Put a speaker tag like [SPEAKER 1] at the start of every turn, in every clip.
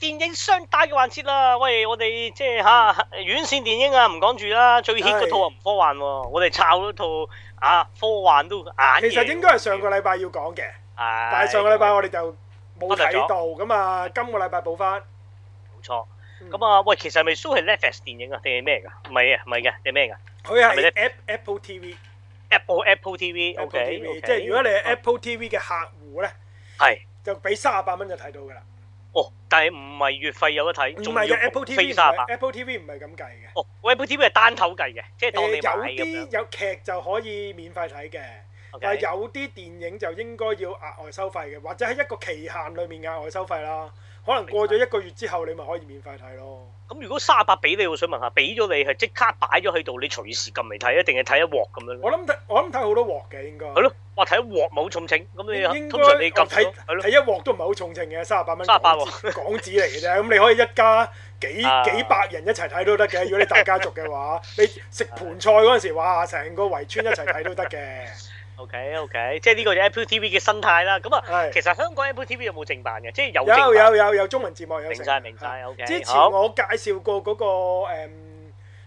[SPEAKER 1] 電影雙帶嘅環節啦，喂，我哋即係吓院線電影啊，唔講住啦。最 hit 嗰套啊，唔科幻，我哋抄咗套啊科幻都硬嘢。其實應
[SPEAKER 2] 該係上個禮拜要講嘅，
[SPEAKER 1] 但係上個禮拜我哋就冇睇到，
[SPEAKER 2] 咁啊，今個禮拜補翻。
[SPEAKER 1] 冇錯，咁啊，喂，其實咪 show 係 Netflix 電影啊，定係咩噶？唔係啊，唔係嘅，定係咩噶？佢係 Apple TV，Apple Apple TV，Apple TV，即係如果你係
[SPEAKER 2] Apple TV 嘅客戶咧，
[SPEAKER 1] 係就
[SPEAKER 2] 俾三十八蚊就睇到噶啦。
[SPEAKER 1] 哦，但係唔係月費有得睇，仲係用 Apple TV 三非 38?
[SPEAKER 2] Apple TV 唔係咁計
[SPEAKER 1] 嘅。哦，Apple TV 係單頭計嘅，即係、呃、當你買咁樣。有啲
[SPEAKER 2] 有劇就可以免費睇嘅，Okay. 但係有啲電影就應該要額外收費嘅，或者喺一個期限裡面額外收費啦。可能過咗一個月之後，你咪可以免費睇咯。
[SPEAKER 1] 咁如果三十八俾你，我想問下，俾咗你係即刻擺咗喺度，你隨時撳嚟睇一定係睇一鑊咁樣咧？我諗
[SPEAKER 2] 睇我諗睇好多鑊嘅應該。係咯，
[SPEAKER 1] 哇！睇一鑊冇重情，咁你通常你撳係睇一
[SPEAKER 2] 鑊都唔係好重情嘅，三十八蚊。三十八元港紙嚟嘅，啫， 咁你可以一家幾 幾百人一齊睇都得嘅。如果你大家族嘅話， 你食盤菜嗰陣時，哇！成個圍村一齊睇都得嘅。
[SPEAKER 1] O K O K，即係呢個就 Apple TV 嘅生態啦。咁啊，其實香港 Apple TV 有冇正版嘅？即係有有
[SPEAKER 2] 有有中文字幕，有明曬明
[SPEAKER 1] 曬。O K，好。之前
[SPEAKER 2] 我介紹過嗰個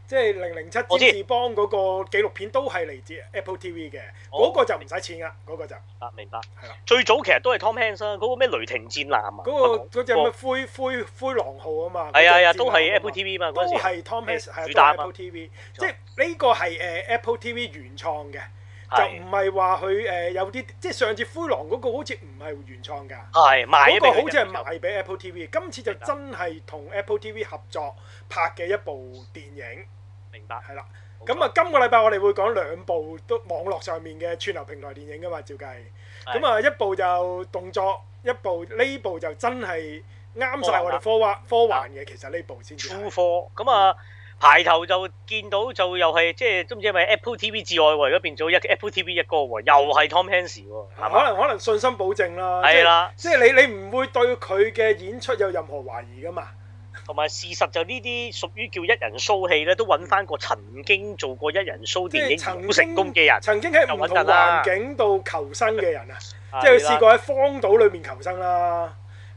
[SPEAKER 2] 即係零零七占士邦嗰個紀錄片，都係嚟自 Apple TV 嘅。嗰個就唔使錢噶，嗰個就啊，明白。係啦。
[SPEAKER 1] 最早其實都係 Tom Hanks 嗰個咩雷霆戰艦啊，嗰個隻咩
[SPEAKER 2] 灰灰灰狼號啊嘛。係啊係啊，都係 Apple TV 嘛，都係 Tom Hanks，係主打 Apple TV。即係呢個係誒 Apple TV 原創嘅。就唔係話佢誒有啲，即係上次灰狼嗰個好似唔係原創㗎。係賣嗰個，好似係賣俾 Apple TV。今次就真係同 Apple TV 合作拍嘅一部電影。明白。係啦。咁啊，今個禮拜我哋會講兩部都網絡上面嘅串流平台電影㗎嘛？照計。係。咁啊，一部就動作，一部呢部就真係啱晒我哋科幻科幻嘅。其實呢部先至科咁啊！
[SPEAKER 1] 排頭就見到就又係即係、就、都、是、唔知係咪 Apple TV 至愛圍嗰邊做一 Apple TV 一哥喎，又係 Tom Hanks 喎，可能可
[SPEAKER 2] 能信心保證啦。係啦的，即係你你唔會對佢嘅
[SPEAKER 1] 演出有任何懷疑噶嘛？同埋事實就呢啲屬於叫一人 show 戲咧，都揾翻過曾經做過一人 show 電影成功嘅人，曾經喺唔同環境
[SPEAKER 2] 度求生嘅人啊，
[SPEAKER 1] 的即係佢試過
[SPEAKER 2] 喺荒島裏面求生啦，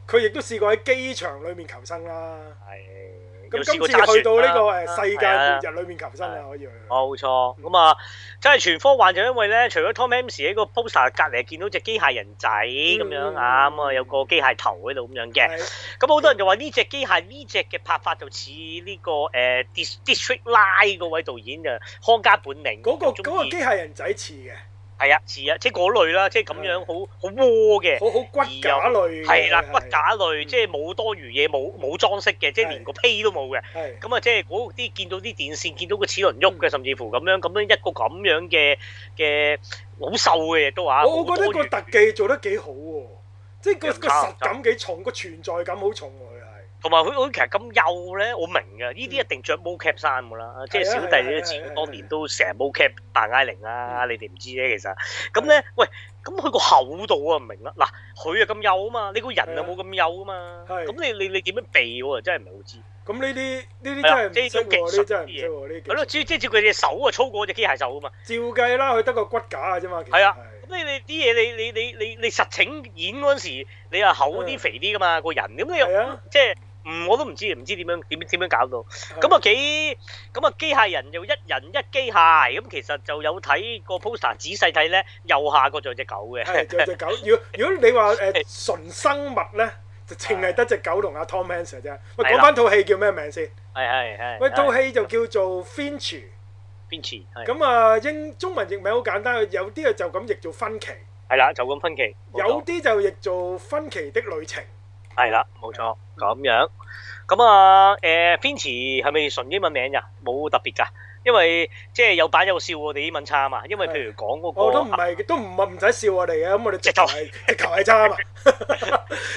[SPEAKER 2] 佢亦都試過喺機場裏面求生啦。係。
[SPEAKER 1] 咁今次去到呢個誒世界人裏面求生啊，可以冇錯咁啊！真係全科幻就因為咧，除咗 Tom Hanks 喺個 poster 隔離見到隻機械人仔咁、嗯、樣啊，咁啊有個機械頭喺度咁樣嘅。咁好多人就話呢隻機械呢隻嘅拍法就似呢、呢個誒、呃、District Nine 嗰位導演嘅康家本領。嗰、嗰個嗰個機械人仔似嘅。係啊，似啊，即係嗰類啦，即係咁樣好好窩嘅，好好骨架類，係啦，骨架類，即係冇多餘嘢，冇冇裝飾嘅，即係連個披都冇嘅。係，咁啊，即係嗰啲見到啲電線，見到個齒輪喐嘅，甚至乎咁樣咁樣一個咁樣嘅嘅好瘦嘅嘢都話。我我覺得個
[SPEAKER 2] 特技做得幾好喎，即係個個實感
[SPEAKER 1] 幾重，個存在感好重喎。同埋佢，佢其實咁幼咧，我明噶，呢啲一定著 mo cap 衫噶啦，即係小弟你嗰啲，當年都成 mo cap 扮艾玲啊，你哋唔知啫，其實。咁咧，喂，咁佢個厚度啊，唔明啦。嗱，佢啊咁幼啊嘛，你個人又冇咁幼啊嘛，咁你你你點樣避喎？真係唔係好知。咁呢啲呢啲即係啲技術啲嘢。咁咯，即係照佢隻手啊粗過我隻機械手啊嘛。照計啦，佢得個骨架啊啫嘛。係啊。咁你你啲嘢你你你你你實情演嗰陣時，你啊厚啲肥啲噶嘛個人，咁你又即係。唔，我都唔知，唔知點樣點點樣搞到。咁啊幾咁啊機械人就一人一機械，咁其實就有睇個 poster，仔細睇咧右下角仲有隻狗嘅。係有隻
[SPEAKER 2] 狗。如果如果你話誒純生物咧，就淨係得隻狗同阿 Tom Hanks 啫。喂，講翻套戲叫咩名先？係
[SPEAKER 1] 係係。喂，套戲
[SPEAKER 2] 就叫做《Finch》。
[SPEAKER 1] Finch。咁啊，
[SPEAKER 2] 英中文譯名好簡單，有啲啊就咁譯做
[SPEAKER 1] 芬奇。係啦，就咁芬奇。有啲
[SPEAKER 2] 就譯做《芬奇的旅程》。
[SPEAKER 1] 係啦，冇錯，咁樣。咁、嗯、啊，誒 Finch 係咪純英文名㗎？冇特別㗎。因為即係有版有笑喎，我哋英文差啊嘛。因為譬如講嗰個我都唔
[SPEAKER 2] 係，都唔唔使笑我哋嘅咁，我哋直頭係球係差啊，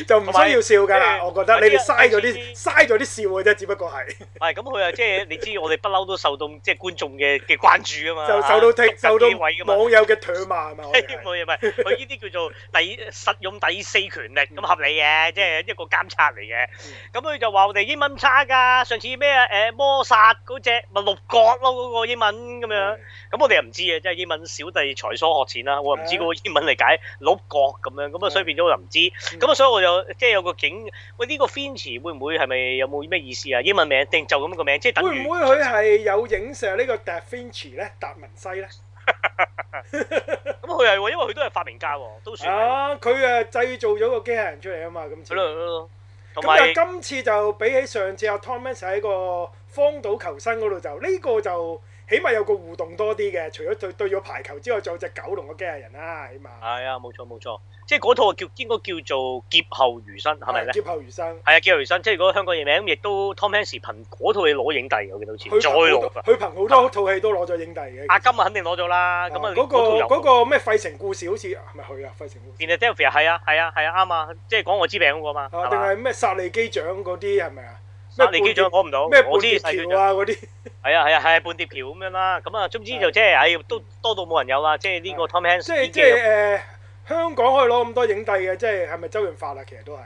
[SPEAKER 2] 就唔需要笑㗎啦。我覺得你哋嘥咗啲嘥咗啲笑㗎啫，只不過係
[SPEAKER 1] 係咁佢啊，即係你知我哋不嬲都受到即係觀眾嘅嘅關注啊嘛，就受到聽受到位網
[SPEAKER 2] 友嘅唾罵啊嘛。啲
[SPEAKER 1] 冇嘢，唔係佢呢啲叫做第實用第四權力咁合理嘅，即係一個監察嚟嘅。咁佢就話我哋英文差㗎，上次咩誒摩殺嗰隻咪六角咯。嗰個英文咁樣，咁的我哋又唔知嘅，即係英文小弟才疏學淺啦，我又唔知嗰個英文嚟解六角咁樣，咁啊所以變咗我又唔知，咁啊的所以我又即係有個景，喂，呢、呢個 Finch 會唔會係咪有冇咩意思啊？英文名定就咁個名即係等會唔會佢
[SPEAKER 2] 係有影射呢個達芬奇咧？達文西咧？
[SPEAKER 1] 咁佢係因為佢都係發明家喎，都算
[SPEAKER 2] 啊！佢誒、啊、製造咗個機械人出嚟啊嘛，咁咯。咁啊， 今次就比起上次阿 Tommy 喺個荒島求生嗰度，就、這、呢個就。起碼有個互動多啲嘅，除咗對對住排球之外，仲有隻狗同個機器人啦，
[SPEAKER 1] 起碼。係啊，冇錯冇錯，即係嗰套叫應該叫做劫後餘生，係咪咧？劫後餘生係啊，劫後餘生，即係如果香港人名咁，亦都 Tom Hanks 憑嗰套戲攞影帝，我記到好似再攞，佢
[SPEAKER 2] 憑好多套戲都攞咗影帝嘅。
[SPEAKER 1] 阿金啊，肯定攞咗啦。咁啊，嗰個咩費城故事好似係咪佢啊？費城故事。Interview 啊，係啊係啊係啊，啱啊，即係講我知名嗰個嘛，定係咩
[SPEAKER 2] 薩利機長嗰啲係咪啊？
[SPEAKER 1] 三年機長攞唔到咩半碟票啊？嗰啲，係啊係啊係啊，半碟票，咁樣啦咁啊，總之就即係唉，都多到冇人有啦，即係呢個 Tom Hanks。即係即係誒
[SPEAKER 2] 香港可以攞咁多影帝嘅，即係係咪周潤發啊？其實都係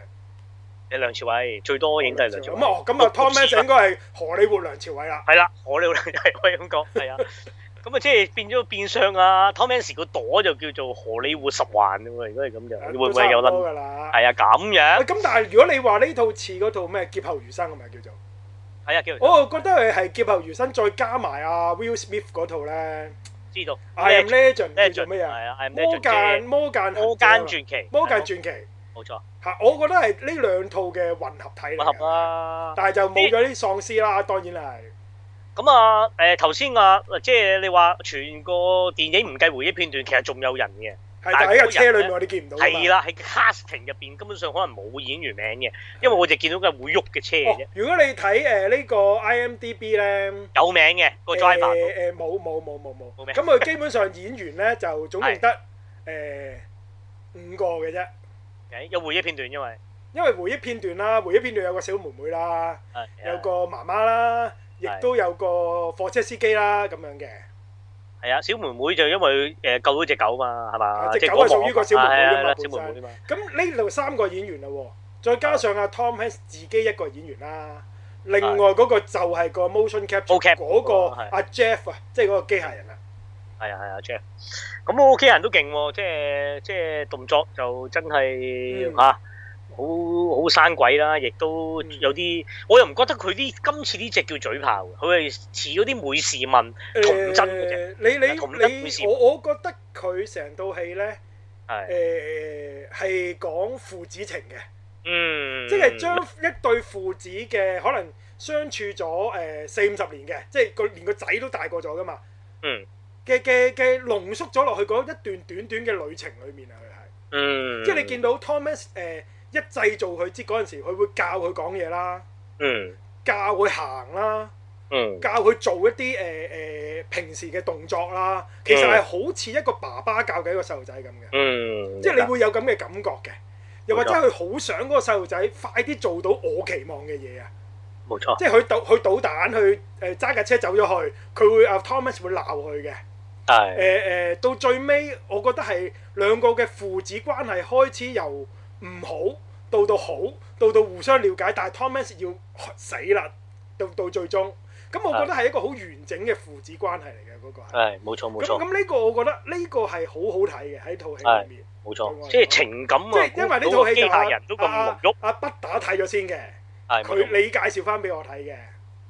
[SPEAKER 1] 誒梁朝偉最多影帝，梁朝偉，咁啊 Tom Hanks 應該係荷里活梁朝偉啦。係啦，荷里活梁係可以咁講。係啊。咁啊，即係變咗個變相啊！Tom Hanks 個朵就叫做荷里活十環喎，如果係咁就會唔會有得？
[SPEAKER 2] 撚？
[SPEAKER 1] 係啊，咁樣。咁但係如果你話呢
[SPEAKER 2] 套似嗰套咩《劫後餘生》咁咪叫做係啊，叫我覺得佢係《劫後餘生》再加埋阿 Will Smith 嗰套咧。
[SPEAKER 1] 知道。係《I Am Legend》做咩啊？係啊，《魔間魔
[SPEAKER 2] 間魔間傳奇》魔間傳奇。
[SPEAKER 1] 冇錯。
[SPEAKER 2] 嚇，我覺得係呢兩套嘅混合體。混合啊！但係就冇咗啲喪屍啦，當然係。
[SPEAKER 1] 咁啊，誒頭先啊，即、就、係、是、你話全個電影唔計回憶片段，其實仲有人嘅，的但係喺個車裏面你見唔到了。係啦、嗯，喺 casting 入邊根本上可能冇演員名嘅，因為我哋見到嘅係會喐嘅車嘅啫、
[SPEAKER 2] 哦。如果你睇誒、呃這個、呢個 IMDB 咧，
[SPEAKER 1] 有名嘅、那個 driver 誒誒冇冇冇冇冇。冇名、呃。咁、呃、佢 基
[SPEAKER 2] 本上演員咧就總共得誒、呃、五個嘅啫。
[SPEAKER 1] 有回憶片段，因為
[SPEAKER 2] 因為回憶片段啦，回憶片段有個小妹妹啦， 有個媽媽啦。亦都有個貨車司機啦，咁樣嘅。
[SPEAKER 1] 係啊，小妹妹就因為誒救到隻狗嘛，係嘛。隻、啊、狗係屬於個小妹妹嘅嘛。
[SPEAKER 2] 咁呢度三個演員啦，再加上阿、啊啊、Tom Hanks 自己一個演員啦。另外嗰個就係個 motion capture 嗰的、嗰個
[SPEAKER 1] 阿 Jeff 啊，啊 Jeff，即係嗰個機械人啊。係啊係啊 Jeff，咁我屋企人都勁喎，即係即係動作就真係啊。嗯好好生鬼啦，亦都有啲，嗯、我又唔覺得佢啲今次呢隻叫嘴炮，佢係似嗰啲《每事問》童真嘅隻、呃。你你你，我
[SPEAKER 2] 我覺得佢成套戲咧，係誒係講父子情嘅，嗯，
[SPEAKER 1] 即係將
[SPEAKER 2] 一對父子嘅可能相處咗誒四五十年嘅，即係佢連個仔都大過咗㗎嘛，嘅嘅嘅濃縮咗落去嗰一段短短嘅旅程裏面啊，佢係，嗯，即係你見到 Thomas 誒、呃。呃一製造佢即嗰陣時，佢會教佢講嘢啦，嗯、教佢行啦，嗯、教佢做一啲誒誒平時嘅動作啦。其實係好似一個爸爸教嘅一個細路仔咁嘅，嗯、即係你會有咁嘅感覺嘅。冇錯，又或者佢好想嗰個細路仔快啲做到我期望嘅嘢冇錯、呃、啊！冇錯，即係佢倒佢倒彈去誒揸架車走咗去，佢會阿 Thomas 會鬧佢嘅。
[SPEAKER 1] 係誒
[SPEAKER 2] 誒，到最尾我覺得係兩個嘅父子關係開始由唔好到到好，到到互相了解，但係 Tommy 要死啦，到到最終，咁我覺得係一個好完整嘅父子關係嚟嘅嗰個。
[SPEAKER 1] 係冇錯冇錯。咁
[SPEAKER 2] 呢個我覺得呢個係好好睇嘅喺套
[SPEAKER 1] 戲入面。冇、哎、錯，即係情感啊，即係因為呢套戲，老、啊、機械人都咁木。阿阿不打睇咗先嘅，佢你
[SPEAKER 2] 介紹翻俾我睇嘅。.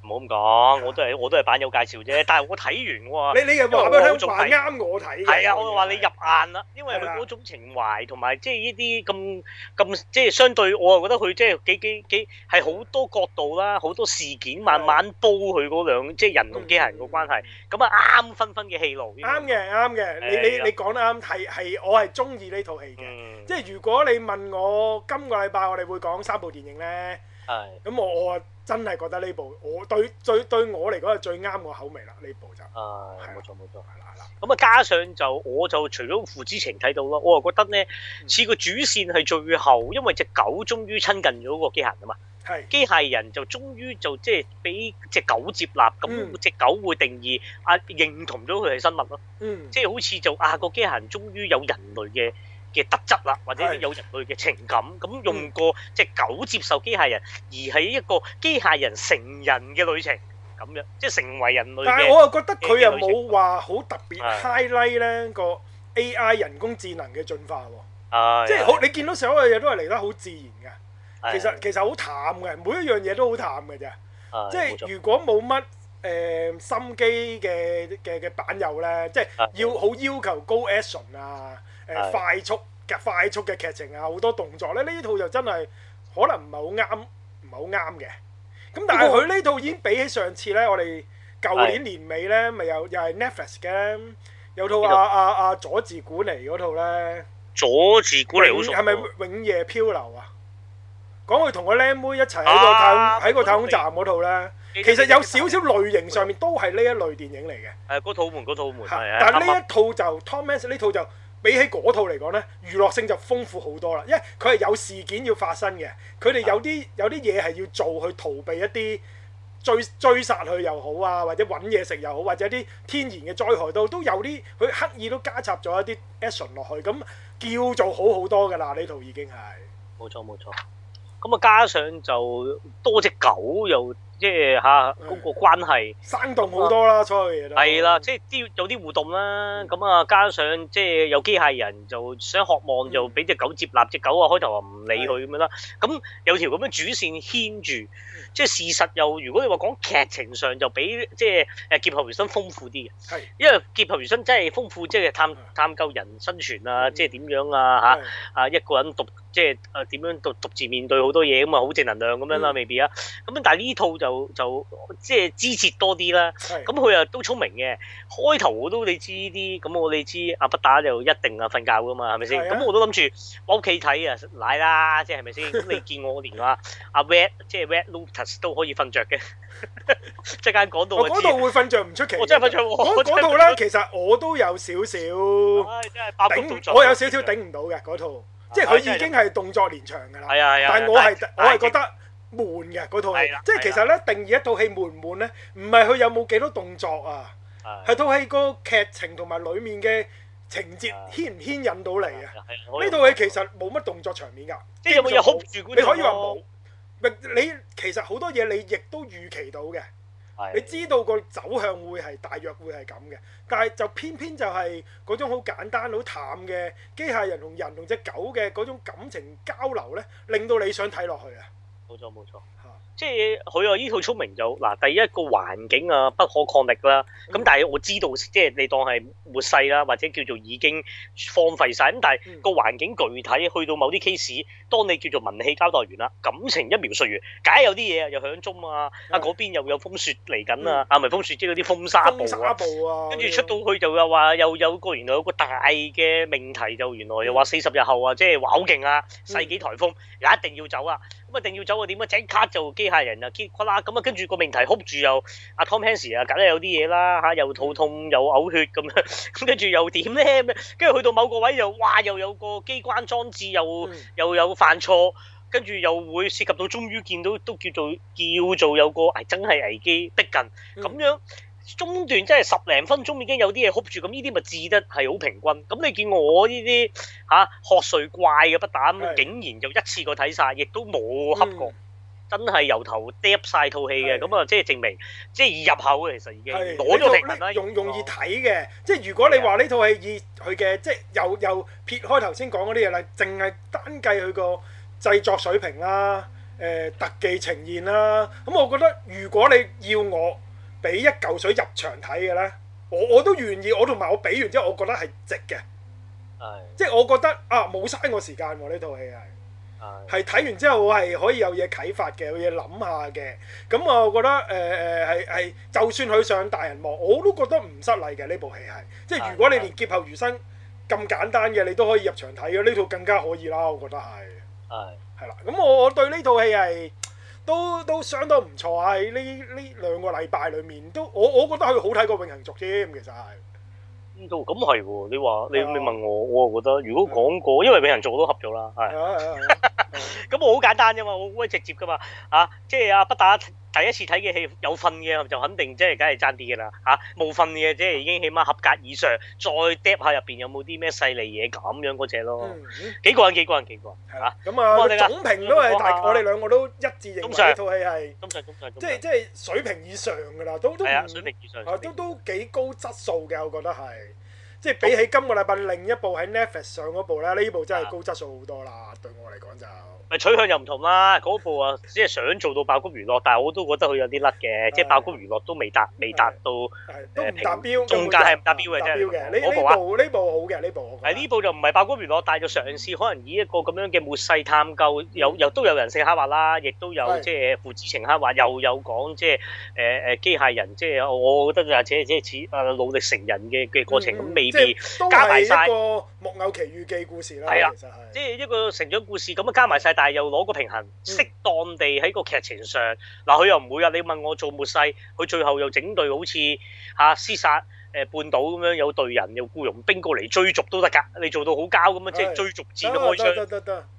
[SPEAKER 1] 唔好咁講，我都係我都係版友介紹啫。但係我睇完 你你又話咩？佢港啱
[SPEAKER 2] 我睇，係啊，我話
[SPEAKER 1] 你入眼啦，啊、因為嗰種情懷同埋即係呢啲咁咁，即係相對，我又覺得佢即係幾幾幾係好多角度啦，好多事件慢慢煲佢嗰兩即係、就是、人同機械人嘅關係，咁啊啱分分嘅戲路。啱嘅、
[SPEAKER 2] 嗯，啱嘅，你你你
[SPEAKER 1] 講得啱，係係我
[SPEAKER 2] 係中意呢套戲嘅。即係如果你問我今個禮拜我哋會講三部電影咧。係，咁我我話真係覺得呢部我對對對我嚟講係最啱我口味
[SPEAKER 1] 啦，呢部就，啊，係冇錯冇錯，係啦係啦，咁啊加上就我就除咗父子情睇到咯，我啊覺得咧似個主線係最後，因為隻狗終於親近咗個機械人啊嘛，係的，機械人就終於就即係俾隻狗接納，咁隻、嗯、狗會定義啊認同咗佢係生物咯，即係、嗯、好似就啊、個機械人終於有人類嘅。嘅特質啦，或者有人類嘅情感，咁的用過即係狗接受機械人，而喺一個機械人成人嘅旅程咁樣，即係成為人類。但係我又覺得佢又冇
[SPEAKER 2] 話好特別的 highlight 咧個 AI 人工智能嘅進化，
[SPEAKER 1] 的即係好你
[SPEAKER 2] 見到所有嘢都係嚟得好自然嘅的，其實其實好淡嘅，每一樣嘢都好淡嘅咋、
[SPEAKER 1] 呃。即係如
[SPEAKER 2] 果冇乜誒心機嘅嘅嘅版友咧，即係要好要求高 action 啊！ 誒快速嘅快速嘅劇情啊，好多動作咧，呢套就真係可能唔係好啱，唔係好啱嘅。咁但係佢呢套已經比起上次咧，我哋舊年年尾咧，咪又又係 Netflix 嘅咧，有套阿阿阿佐治古尼嗰套咧。
[SPEAKER 1] 佐治古尼好熟。係咪
[SPEAKER 2] 永夜漂流啊？講佢同個靚妹一齊喺個太空喺個太空站嗰套咧，其實有少少類型上面都係呢一類電影嚟嘅。
[SPEAKER 1] 係嗰套悶，嗰套悶。但係呢一
[SPEAKER 2] 套就 Tom Hanks 呢套就。比起嗰套嚟講呢，娛樂性就豐富好多啦，因為佢係有事件要發生嘅，佢哋有啲有啲嘢係要做去逃避一啲追追殺佢又好啊，或者揾嘢食又好，或者啲天然嘅災害都都有啲，佢刻意都加插咗一啲 action 落去，咁叫做好好多㗎啦，呢套、嗯、已經係冇錯冇錯，
[SPEAKER 1] 咁啊加上就多隻狗又。即係嚇嗰個關係生動好多啦，所有嘢都係啦，即係啲有啲互動啦。咁啊、嗯，加上即係、就是、有機械人，就想渴望、嗯、就俾隻狗接納，隻狗啊開頭話唔理佢咁樣啦。咁、嗯、有條咁樣主線牽住。嗯嗯即係事實又，如果你話講劇情上就比即係誒《劫後餘生》豐富啲嘅，係是的 因為《劫後餘生》真係豐富，即、就、係、是、探探究人生存啊，即係點樣啊吓，啊一個人獨即係誒點樣獨獨自面對好多嘢咁啊，好、嗯、正能量咁樣啦未必啊，咁但係呢套就就，就即係枝節多啲啦，咁佢又都聰明嘅。開頭我都你知啲，咁我你知阿不打就一定啊瞓覺㗎嘛，係咪先？咁是的 我都諗住我屋企睇啊，奶啦，即係係咪先？咁你見我連話阿 Red 即係 Red l u t h 都可以瞓着嘅，即刻講到我嗰度會
[SPEAKER 2] 瞓着唔出奇。我真係瞓著我嗰套咧，其實我都有少少，頂唔到。我有少少頂唔到嘅嗰套，即係佢已經係動作連場㗎啦。
[SPEAKER 1] 但係我係我係覺得
[SPEAKER 2] 悶嘅嗰套戲，即係其實咧，定義一套戲悶唔悶咧，唔係佢有冇幾多動作啊，係套戲個劇情同埋裡面嘅情節牽唔牽引到嚟啊？呢套戲其實冇乜動作場面噶，即有冇有 hold 住，你可以話冇。你其實好多嘢你亦都預期到嘅，你知道個走向會係大約會係咁嘅，但係就偏偏就係嗰種好簡單好淡嘅機械人同人同隻狗嘅嗰種感情交流咧，令到你想睇落去啊！冇錯，
[SPEAKER 1] 冇錯。即係佢啊！呢套聰明就嗱，第一個環境啊，不可抗力啦。咁但係我知道，即係你當係末世啦，或者叫做已經荒廢晒。咁但係個環境具體去到某啲 case，當你叫做文氣交代完啦，感情一描述完，梗係有啲嘢啊，又響中啊。啊嗰邊又有風雪嚟緊啊！啊唔係風雪，即係啲風沙暴沙暴啊！跟住出到去就又話又有個原來有個大嘅命題，就原來又話四十日後啊，即係話好勁啊，世紀颱風一定要走啊。咁一定要走啊點啊？即刻就～機械人啊啦咁啊，跟住個命題恰住又阿 Tom Hanks 啊，梗係有啲嘢啦嚇，又肚痛又嘔血咁 樣，咁跟住又點咧？咁樣跟住去到某個位又哇，又有個機關裝置又又有犯錯，跟住又會涉及到，終於見到都叫做叫做有個係真係危機逼近咁樣中段，真係十零分鐘已經有啲嘢恰住咁，呢啲咪治得係好平均。咁你見我呢啲嚇瞌睡怪嘅不打，竟然就一次過睇晒，亦都冇恰過。真係由頭揼晒套戲嘅，咁啊，即係證明是的 即係入口嘅其實已經攞咗靈魂啦，容
[SPEAKER 2] 容易睇嘅。哦、即係如果你話呢套戲以佢嘅，即係又又撇開頭先講嗰啲嘢啦，淨係單計佢個製作水平啦、誒、呃、特技呈現啦，咁我覺得如果你要我俾一嚿水入場睇嘅咧，我我都願意，我同埋我俾完之後，我覺得係值嘅。係，是的 即係我覺得啊，冇嘥我時間喎呢套戲係。係睇完之後，我係可以有嘢啟發嘅，有嘢諗下嘅。咁我覺得誒誒係係，就算佢上大銀幕，我都覺得唔失禮嘅呢部戲係。即係如果你連《劫後餘生》咁簡單嘅，你都可以入場睇嘅，呢套更加可以啦。我覺得係係係啦。咁、嗯、我對呢套戲係都都相當唔錯喺呢呢兩個禮拜裡面都，都我我覺得佢好睇
[SPEAKER 1] 過《永恆族》添。其實係呢套咁係喎？你話、啊、你你問我，我覺得如果講過，因為《永恆族》都合咗啦，係。咁我好簡單啫嘛，好鬼直接噶嘛，嚇！即係啊，不打第一次睇嘅戲有份嘅就肯定即係梗係爭啲噶啦，嚇！冇、啊、份嘅即係已經起碼合格以上，再釣下入邊有冇啲咩細膩嘢咁樣嗰隻咯、嗯幾，幾個人幾個人幾個人嚇？咁啊，嗯、我哋啊，總評都哇我我哋
[SPEAKER 2] 兩個都一致認為呢套戲係，即係即係水平以上噶啦，都
[SPEAKER 1] 都唔，啊都都，
[SPEAKER 2] 都幾高質素嘅，我覺得係。即係比起今個禮拜另一部喺 Netflix 上，嗰部咧，呢部真係高質素好多啦，對我嚟
[SPEAKER 1] 講就。取向又唔同啦，嗰部啊，即係想做到爆谷娛樂，但係我都覺得佢有啲甩嘅，即係爆谷娛樂都未達未達到誒評標，中間係唔達標嘅啫。呢部呢部好嘅，呢部誒呢部就唔係爆谷娛樂，但係就嘗試，可能以一個咁樣嘅末世探究，有有都有人性刻畫啦，亦都有即係父子情刻畫，又有講即係誒誒機械人，即係我覺得就係即係似努力成人嘅嘅過程咁，未必加埋曬。
[SPEAKER 2] 木偶奇遇記故事啦，係喇，
[SPEAKER 1] 即係一個成長故事，咁啊加埋晒。但又攞個平衡，適當地喺個劇情上，嗱佢又唔會啊！你問我做末世，佢最後又整隊好似屍殺誒半島咁樣，有隊人又僱傭兵過嚟追逐都得噶。你做到好交咁樣，即係追逐戰可以出，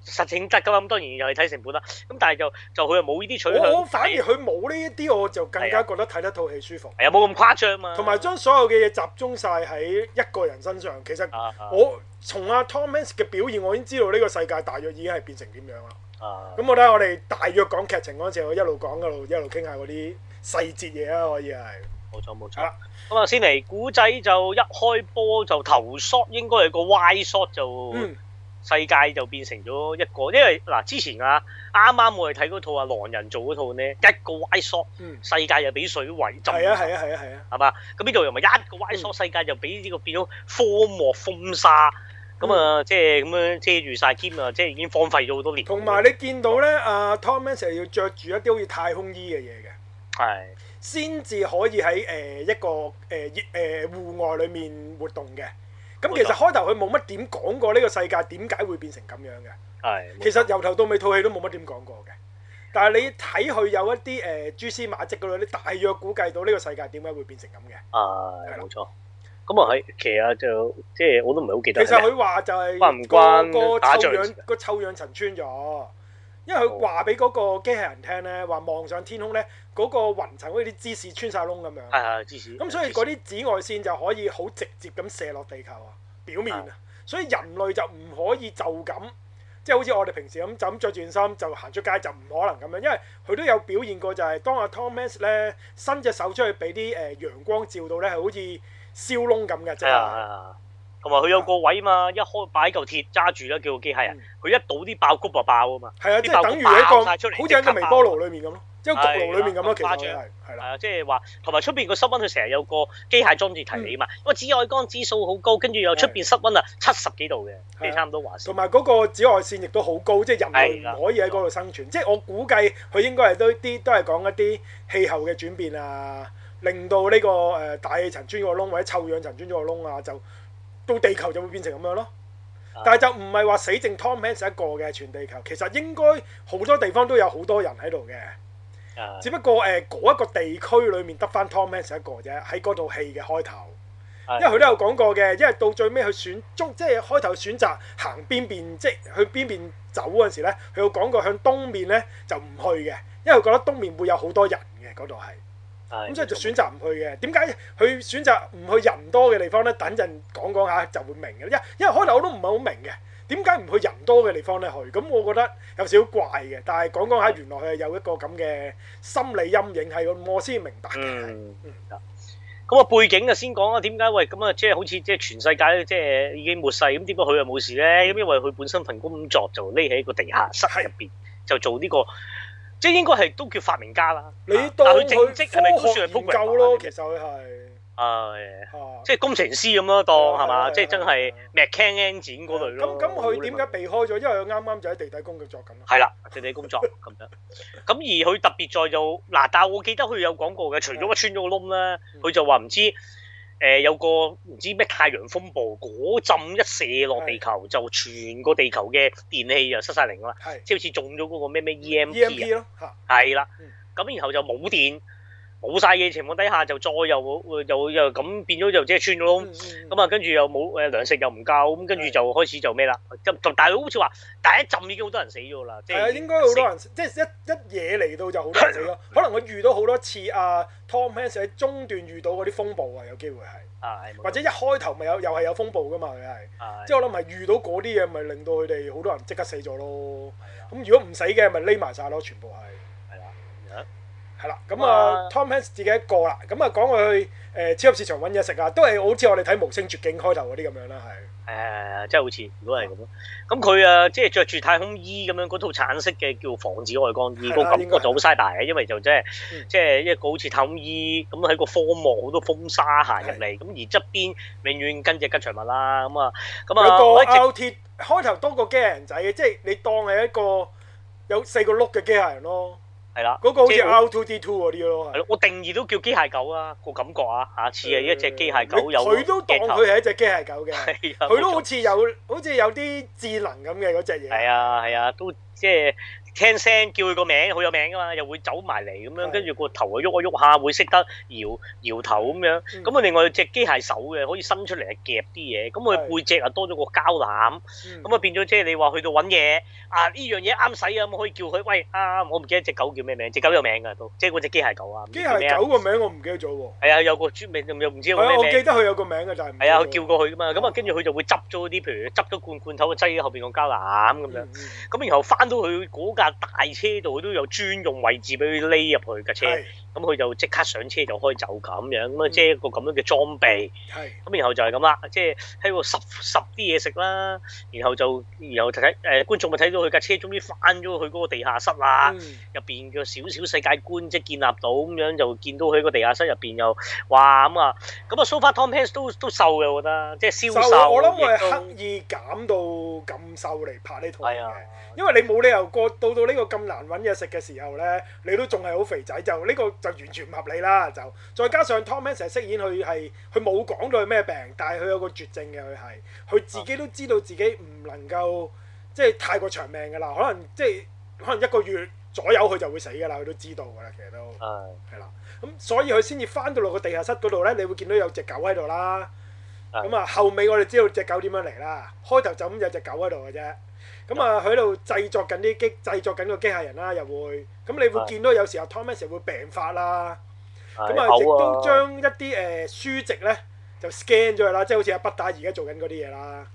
[SPEAKER 1] 實證得噶。咁當然又係睇成本啦。咁但係就就佢又冇呢啲取向。我反而佢
[SPEAKER 2] 冇呢啲，我就更加覺得睇得套戲舒服。
[SPEAKER 1] 係啊，冇咁誇張嘛。同
[SPEAKER 2] 埋將所有嘅嘢集中晒喺一個人身上，其實我。從阿 Tom Hanks 嘅表現，我已經知道呢個世界大約已經係變成點樣啦。咁我覺得我哋大約講劇情嗰陣時，我一路講一路一路傾下嗰啲細節嘢啦。可以係冇錯冇錯。
[SPEAKER 1] 咁啊，先嚟古仔就一開波就投 shot，應該係個歪 shot 就世界就變成咗一個。因為嗱，之前啊啱啱我哋睇嗰套啊狼人做嗰套呢，一個歪 shot，世界就俾水圍浸。係啊係啊係啊係啊。係嘛？咁呢度又咪一個歪 shot，世界就俾呢個變咗荒漠風沙。咁啊、就是，即係咁樣遮住晒天啊，即係已經荒廢咗好多年。同埋你
[SPEAKER 2] 見到咧，阿 Tom 成日要着住一啲好似太空衣嘅嘢嘅，係是，先至可以喺誒、uh, 一個誒誒、uh, uh, uh, 戶外裏面活動嘅。咁錯其實開頭佢冇乜點講過呢個世界點解會變成咁樣嘅。係是。其實由頭到尾套戲都冇乜點講過嘅，但係你睇佢有一啲誒、uh, 蛛絲馬跡嗰度，你大約估計到呢個世界點解會變成咁
[SPEAKER 1] 嘅。係、啊，冇的錯。咁啊，係，其實就即係我都唔係好記得。其實佢話
[SPEAKER 2] 就係、是、個個臭氧個臭氧層穿咗，因為佢話俾嗰個機器人聽咧，話望上天空咧，嗰、那個雲層好似啲芝士穿晒窿咁樣。
[SPEAKER 1] 係芝士。咁所以嗰啲
[SPEAKER 2] 紫外線就可以好直接咁射落地球啊，表面啊，的所以人類就唔可以就咁，即、就、係、是、好似我哋平時咁就咁着住件衫就行出街就唔可能咁樣，因為佢都有表現過就係、是、當阿 Thomas 咧伸隻手出去俾啲誒陽光照到咧，係好似。燒窿咁嘅，
[SPEAKER 1] 啫，同埋佢有個位啊嘛，一開擺嚿鐵揸住啦，叫個機械人，佢一倒啲爆谷啊爆啊嘛，係啊，就等於喺個好似喺微波
[SPEAKER 2] 爐裏面咁，即係焗爐裏面咁樣其實，
[SPEAKER 1] 係啊，即係話，同埋出邊個室溫，佢成日有個機械裝置提你啊嘛，因為紫外光指數好高，跟住又出邊室溫啊，七十幾度嘅，即差
[SPEAKER 2] 唔多華同埋嗰個紫外線亦都好高，即係人類唔可以喺嗰度生存，即係我估計佢應該係都啲都係講一啲氣候嘅轉變啊。令到呢、這個誒、呃、大氣層穿咗個窿，或者臭氧層穿咗個窿啊，就到地球就會變成咁樣咯。但係就唔係話死剩 Tom Hanks 一個嘅全地球，其實應該好多地方都有好多人喺度嘅。啊、只不過誒嗰、呃、一個地區裏面得返 Tom Hanks 一個啫，喺嗰套戲嘅開頭，
[SPEAKER 1] 因為佢都
[SPEAKER 2] 有講過嘅。因為到最尾佢選中即係開頭選擇行邊邊即係去邊邊走嗰陣時咧，佢有講過向東面咧就唔去嘅，因為佢覺得東面會有好多人嘅嗰度係。咁、嗯、所以就選擇唔去嘅，點解佢選擇唔去人多嘅地方咧？等陣講講下就會明嘅，一因為一開頭我都唔係好明嘅，點解唔去人多嘅地方咧去？咁我覺得有少少怪嘅，但係講講下原來佢係有一個咁嘅心理陰影係我先明白
[SPEAKER 1] 嘅。嗯，咁啊背景啊先講啦，點解喂咁啊？即、就、係、是、好似即係全世界即係已經末世，咁點解佢又冇事咧？咁因為佢本身份工作就匿喺個地下室入邊是就做呢、這個。即係應該係都叫發明家啦。你當佢正職係咪算研究咯、OK，其實佢
[SPEAKER 2] 係，係、uh, yeah,
[SPEAKER 1] 啊、即係工程師咁咯，當係嘛？是即係真係 mechanical 嗰類咯。咁
[SPEAKER 2] 咁佢點解避開咗？因為佢啱啱就喺地底工作咁
[SPEAKER 1] 啦。係啦， 地底工作
[SPEAKER 2] 咁樣。
[SPEAKER 1] 咁 而佢特別在做，嗱，但我記得佢有講過嘅，除咗個穿咗個窿咧，佢 就話唔知。誒、呃、有個唔知咩太陽風暴，嗰陣一射落地球，是就全個地球嘅電器就失曬靈㗎啦，即係是好似中咗嗰個咩咩 EMP 啊，係啦了，咁、嗯、然後就冇電。冇晒嘢情況底下，就再又會又又咁變咗，就即係穿咗窿咁啊！跟住又冇誒糧食又唔夠，咁跟住就開始就咩啦？即就但係好似話，第一浸已經好多人死咗啦，即係應該好多人，
[SPEAKER 2] 即係一一嘢嚟到就好多人死咯。可能佢遇到好多次啊，Tom Hanks 喺中段遇到嗰啲風暴啊，有機會係，或者一開頭咪有又係有風暴噶嘛，佢係，即係我諗係遇到嗰啲嘢，咪令到佢哋好多人即刻死咗咯。咁如果唔死嘅，咪匿埋晒咯，全部係。係啊。係啦，咁啊，啊 Tom Hanks 自己一個啦，咁啊講佢誒、呃、超級市場揾嘢食啊，都係好似我哋睇無聲絕境開頭嗰啲咁樣啦，係。
[SPEAKER 1] 係係即，好似，如果係咁咯。咁佢啊，即係着住太空衣咁樣，嗰套橙色嘅叫防紫外光衣，啊嗰個感覺、嗰個嗰個，就好嘥大嘅，因為就真係即係，嗯、一個好似太空衣咁喺，嗰個荒漠好多風沙行入嚟，咁是而側邊永遠跟住吉祥物啦，咁啊咁啊。嗰個凹鐵
[SPEAKER 2] 開頭多機、啊、個機械人仔嘅，即係你當係一個有四個轆嘅機械人咯。
[SPEAKER 1] 係啦嗰個好
[SPEAKER 2] 似 R2D2 嗰啲咯，
[SPEAKER 1] 係的。咯的，我定義都叫機械狗啊，個感覺啊，嚇似係一隻機械狗有鏡頭，佢都當佢係一隻機械狗嘅，佢的都好似有，錯有，好似有啲智能咁嘅嗰隻嘢。係、那個、啊，係啊，都即係。聽聲叫佢個名，好有名噶嘛，又會走埋嚟咁樣，跟住個頭啊喐一喐下，會識得搖搖頭咁樣。咁啊，另外隻機械手嘅可以伸出嚟夾啲嘢。咁佢背脊啊多咗個膠籃，咁啊變咗即係你話去到揾嘢啊呢樣嘢啱使啊，咁可以叫佢喂啊。我唔記得隻狗叫咩名，隻狗有名㗎都，即係嗰隻機械狗啊。機械狗
[SPEAKER 2] 個名我唔記得咗
[SPEAKER 1] 喎。係啊，有個專名又唔知叫咩名。我記得佢有
[SPEAKER 2] 個名嘅，
[SPEAKER 1] 但係唔係啊，叫過佢㗎嘛。咁啊，跟住佢就會執咗啲，譬如執咗罐罐頭嘅劑喺後邊個膠籃咁樣。咁然後翻到去。大車度都有專用位置俾佢匿入去嘅車。咁佢就即刻上，上車就開走咁樣，咁啊即係一個咁樣嘅裝備。係的。咁然後就係咁啦，即係喺度拾拾啲嘢食啦。然後就然後睇誒、呃、觀眾咪睇到佢架車終於翻咗去嗰個地下室啦。入邊個少少世界觀即係、就是、建立到咁樣，就見到佢個地下室入邊又哇咁啊！咁啊，so far Tom Hanks 都都，都瘦嘅，我覺得即係消瘦，瘦。我諗我係刻
[SPEAKER 2] 意減到咁瘦嚟拍呢套嘅。係啊。因為你冇理由過到到呢個咁難揾嘢食嘅時候咧，你都仲係好肥仔就呢、這個。就完全唔合理啦！就再加上 Tom Hanks 係飾演佢係佢冇講到佢咩病，但係佢有個絕症嘅，佢係佢自己都知道自己唔能夠，即係太過長命㗎啦，可能即係可能一個月左右佢就會死㗎啦，佢都知道㗎啦，其實都係係
[SPEAKER 1] 啦。咁是的
[SPEAKER 2] 所以佢先至翻到落個地下室嗰度咧，你會見到有隻狗喺度啦。咁啊是的、嗯、後尾我哋知道隻狗點樣嚟啦，開頭就咁有隻狗喺度嘅啫。咁啊佢喺度製作緊啲機，製作緊個機械人啦，又會。咁你會見到有時候 Tommy 成日會病發啦，
[SPEAKER 1] 咁啊亦都將
[SPEAKER 2] 一啲誒書籍咧的就 scan 咗佢啦，即係好似阿北打而家做緊嗰啲嘢啦。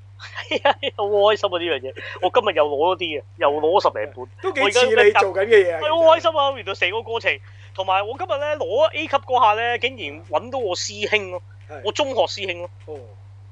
[SPEAKER 1] 係好開心啊！呢樣嘢，我今日又攞咗啲嘅，又攞咗十零本，都幾似你，你做緊嘅嘢。係好、哎、開心啊！原來成個過程，同埋我今日咧攞 A 級嗰下咧，竟然揾到我師兄咯，的我中學師兄咯。哦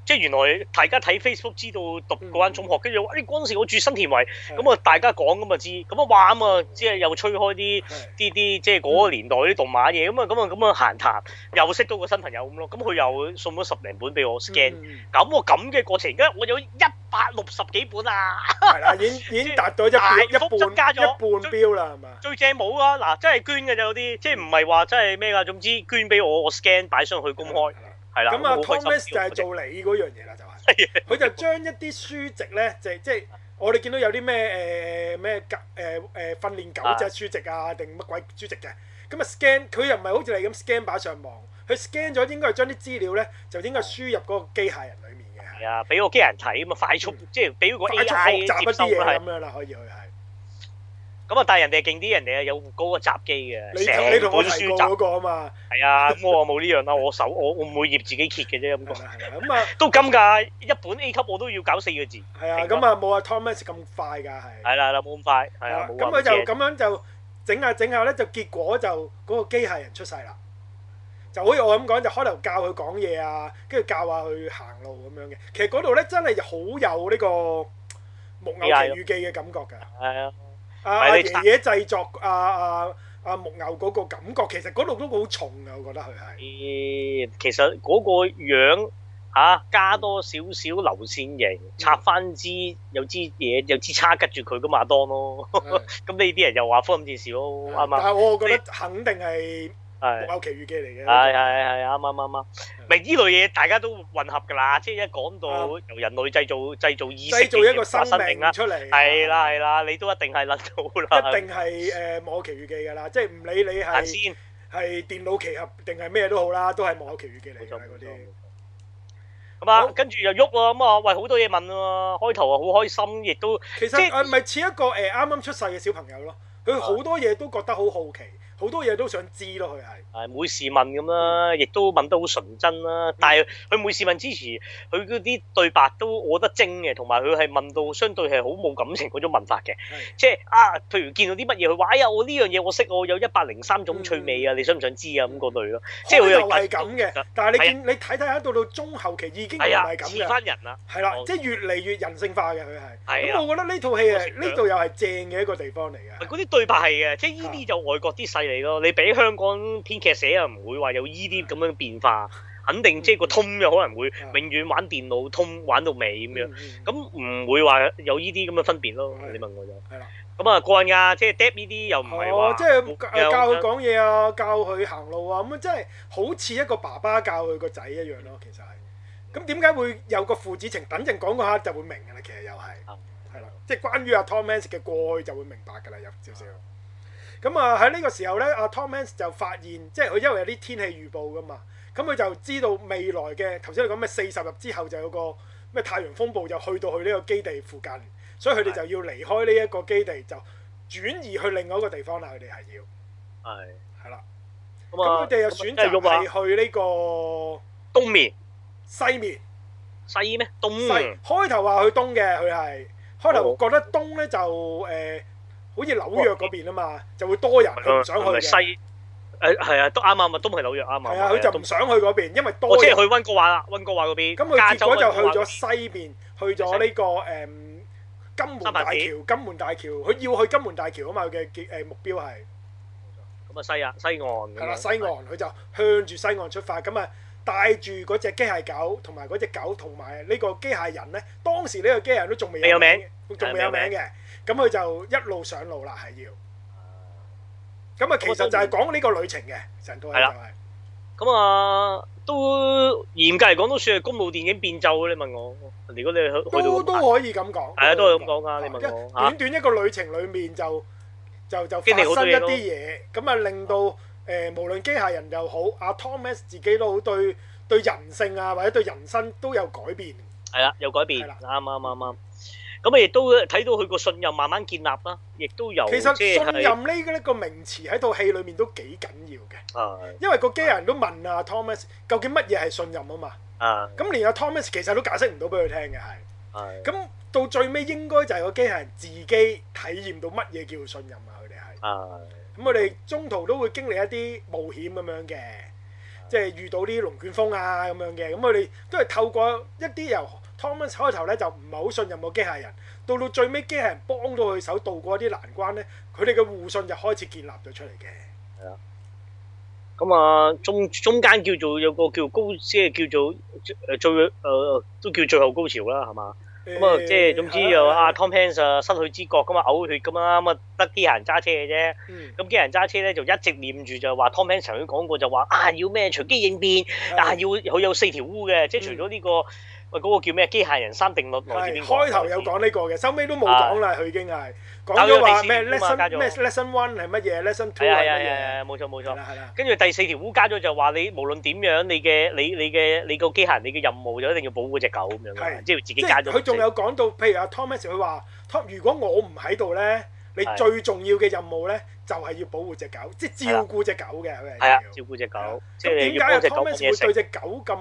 [SPEAKER 1] 即係原來大家睇 Facebook 知道讀嗰間中學，跟住我誒嗰陣時我住新田圍，咁啊大家講咁啊知，咁啊話啊嘛，即係又吹開啲啲啲即係嗰個年代啲動漫嘢，咁啊咁啊咁啊閒談，又識到個新朋友咁咯，咁佢又送咗十零本俾我 scan，咁我咁嘅過程，而家我有一百六十幾本啊，
[SPEAKER 2] 係啦，已已經達到一倍，一半，加咗一半標啦，係嘛？
[SPEAKER 1] 最正冇啊，嗱，真係捐嘅就有啲，即係唔係話真係咩㗎？總之捐俾我，我 scan 擺上去公開。係啦，咁啊，Thomas 就係做
[SPEAKER 2] 你嗰樣嘢啦，就
[SPEAKER 1] 係，佢就將一啲書籍咧，
[SPEAKER 2] 就即係我哋見到有啲咩誒咩狗誒誒訓練狗隻書籍啊，定乜鬼書籍嘅，咁啊 scan，佢又唔係好似你咁 scan 擺上網，佢 scan 咗應該係將啲資料咧就應該輸入嗰個機械人裏
[SPEAKER 1] 面嘅。係啊，俾個機械人睇啊嘛，快速即係俾個 AI 接收一啲嘢咁樣
[SPEAKER 2] 啦，可以去係。
[SPEAKER 1] 咁啊，但係人哋勁啲，人哋啊有嗰個閘機嘅，成本書雜嗰個啊嘛。係啊，咁我冇呢樣啦，我手我我每頁自己揭嘅啫，咁講係。咁啊，都咁㗎，一本 A 級我都要搞四個字。係啊，咁啊
[SPEAKER 2] 冇阿 Thomas 咁快㗎，係。
[SPEAKER 1] 係啦啦，冇咁快，係啊，冇咁快。咁佢就咁樣就整
[SPEAKER 2] 下整下咧，就結果就嗰個機械人出世啦。就好似我咁講，就開頭教佢講嘢啊，跟住教下佢行路咁樣嘅。其實嗰度咧真係好有呢個木偶奇遇記嘅感覺㗎。係啊。阿阿、啊擦啊、爺爺製作阿阿阿木偶嗰個感覺，其實嗰度都好重嘅，我覺得佢係、呃。
[SPEAKER 1] 其實嗰個樣、啊、加多少少流線型，插翻支有支嘢有支叉拮住佢嘅嘛。當咯。咁呢啲人又話科咁件事咯，啱唔啱？但係我覺得肯定係你。係木偶奇遇記嚟嘅，係係係啱啱啱啱，明呢類嘢大家都混合噶啦，即係一講到由人類製造製造意識，製造一個生命出嚟，係啦係啦，你都一定係諗到啦，一定係
[SPEAKER 2] 誒木偶奇遇記噶啦，即係唔理你係先係電腦奇俠定係咩都好啦，都係木偶奇遇記
[SPEAKER 1] 嚟嘅嗰啲。咁啊，跟住又喐咯，咁啊，喂，好多嘢問咯，開頭啊好開心，亦都其實係咪似一個誒啱啱出世嘅小朋友咯？佢好多嘢都覺得好
[SPEAKER 2] 好奇。好多嘢都想知
[SPEAKER 1] 咯，佢係。係每事問咁啦，亦都問得好純真啦。但係佢每事問之前，佢嗰啲對白都我覺得精嘅，同埋佢係問到相對係好冇感情嗰種問法嘅。即係啊，譬如見到啲乜嘢佢話，哎呀，我呢樣嘢我識，我有一百零三種趣味啊，你想唔想知啊？咁嗰類咯，即係又係咁嘅。但係你見你
[SPEAKER 2] 睇睇下，到到中後期已經唔係咁嘅。變翻人啦。係啦，即係越
[SPEAKER 1] 嚟越人性化嘅佢係。係咁我覺得呢套戲係呢度又係
[SPEAKER 2] 正嘅一個地方嚟
[SPEAKER 1] 嘅。嗰啲對白係嘅，即係呢啲就外國啲細。咯，你俾香港編劇寫又唔會話有依啲咁樣變化，肯定即係個通 o 又可能會永遠玩電腦通玩到尾咁樣，咁唔會話有依啲咁嘅分別咯。你問我咗，係啦。咁啊，個人㗎，即係 Depp 啲又唔係話教佢講
[SPEAKER 2] 嘢啊，教佢行路啊，咁啊，真係好似一個爸爸教佢個仔一樣咯，其實係。咁點解會有個父子情？等陣講下就會明㗎啦，其實又係，係啦，即係關於阿 Tom Hanks 嘅過去就會明白㗎啦，有少少。咁啊喺呢個時候咧，阿 Tom Hanks 就發現，即係佢因為有啲天氣預報噶嘛，咁佢就知道未來嘅頭先你講咩四十日之後就有個咩太陽風暴就去到去呢個基地附近，所以佢哋就要離開呢一個基地，就轉移去另外一個地方啦。佢哋係要，係係啦。咁佢哋又選擇係去呢、這個東面、西面、西
[SPEAKER 1] 咩？東西開頭
[SPEAKER 2] 話去東嘅，佢係開頭覺得東咧就誒。呃好似紐約嗰邊啊嘛，就會多人佢唔
[SPEAKER 1] 想去。西誒係啊，都啱啊，都唔係紐約啱啊。係啊，佢就唔想去嗰邊，因為多。我即係去溫哥華啦，溫哥華嗰邊。咁佢結果就去咗
[SPEAKER 2] 西邊，去咗呢個誒金門大橋。金門大橋，佢要去金門大橋啊嘛，佢嘅誒目標係。
[SPEAKER 1] 咁啊西啊西岸。係啦，西岸
[SPEAKER 2] 佢就向住西岸出發，咁啊帶住嗰隻機械狗，同埋嗰隻狗，同埋呢個機械人咧。當時呢個機械人都仲未有名，仲未有名嘅。咁佢就一路上路啦，係要。咁啊，其實就係講呢個旅程嘅，成套就
[SPEAKER 1] 係、是。咁啊，都嚴格嚟講，都算係公路電影變奏。你問我，如果你去都都
[SPEAKER 2] 可以咁講，
[SPEAKER 1] 係啊，都可以咁講也啊。啊你問我，啊、短
[SPEAKER 2] 短一個旅程裏面就就就，就發生一啲嘢，咁啊，令到誒無論機械人又好，阿 Tom,、啊 S, 啊 嗯啊、自己都好，對對人性啊，或者對人生都有改變。
[SPEAKER 1] 係啦，有改變，啱啱啱啱。咁啊，亦都睇到佢個信任慢慢建立啦，亦都有。其實信任
[SPEAKER 2] 呢一個名詞喺套戲裏面都幾緊要嘅，啊、因為個機械人都問啊，Thomas，究竟乜嘢係信任啊嘛？咁、啊、連阿、啊、Thomas 其實都解釋唔到俾佢聽嘅，係。咁、啊、到最尾應該就係個機械人自己體驗到乜嘢叫信任啊？佢
[SPEAKER 1] 哋係。
[SPEAKER 2] 咁佢哋中途都會經歷一啲冒險咁樣嘅，即係、啊、遇到啲龍捲風啊咁樣嘅，咁佢哋都係透過一啲由。Thomas 開頭咧就唔係好信任個機械人，到到最尾機械人幫到佢手度過一啲難關咧，佢哋嘅互信就開始建立咗出嚟嘅。
[SPEAKER 1] 係啊、嗯，咁、嗯、啊中中間叫做有個叫高，即係叫做誒最誒、呃、都叫最後高潮啦，係嘛？咁啊即係總之又阿 Thomas 啊、嗯、失去知覺咁啊嘔血咁啊，咁啊得機械人揸車嘅啫。咁機械人揸車咧就一直念住就話 Thomas 曾經講過就話啊，啊要咩隨機應變啊，啊要佢有四條烏嘅，即係除咗呢個。喂，嗰個叫咩？機械人三定律來嘅邊個？係開頭有
[SPEAKER 2] 講呢個嘅，收尾都冇講啦。佢已經
[SPEAKER 1] 係講咗話咩？Lesson，lesson
[SPEAKER 2] one 係乜嘢？Lesson two 係乜嘢？冇錯冇錯。
[SPEAKER 1] 跟住第四條烏加咗就話你無論點樣，你嘅你你嘅你個機械人，你嘅任務就一定要保護隻狗咁樣嘅。即係自己加咗。即係佢仲
[SPEAKER 2] 有講到，譬如阿 Tommy，佢話 Tom，如果我唔喺度咧，你最重要嘅任務咧，就係要保護隻狗，即係照顧隻狗嘅。係啊，
[SPEAKER 1] 照顧隻狗。咁點解阿 Tommy 會對隻
[SPEAKER 2] 狗咁？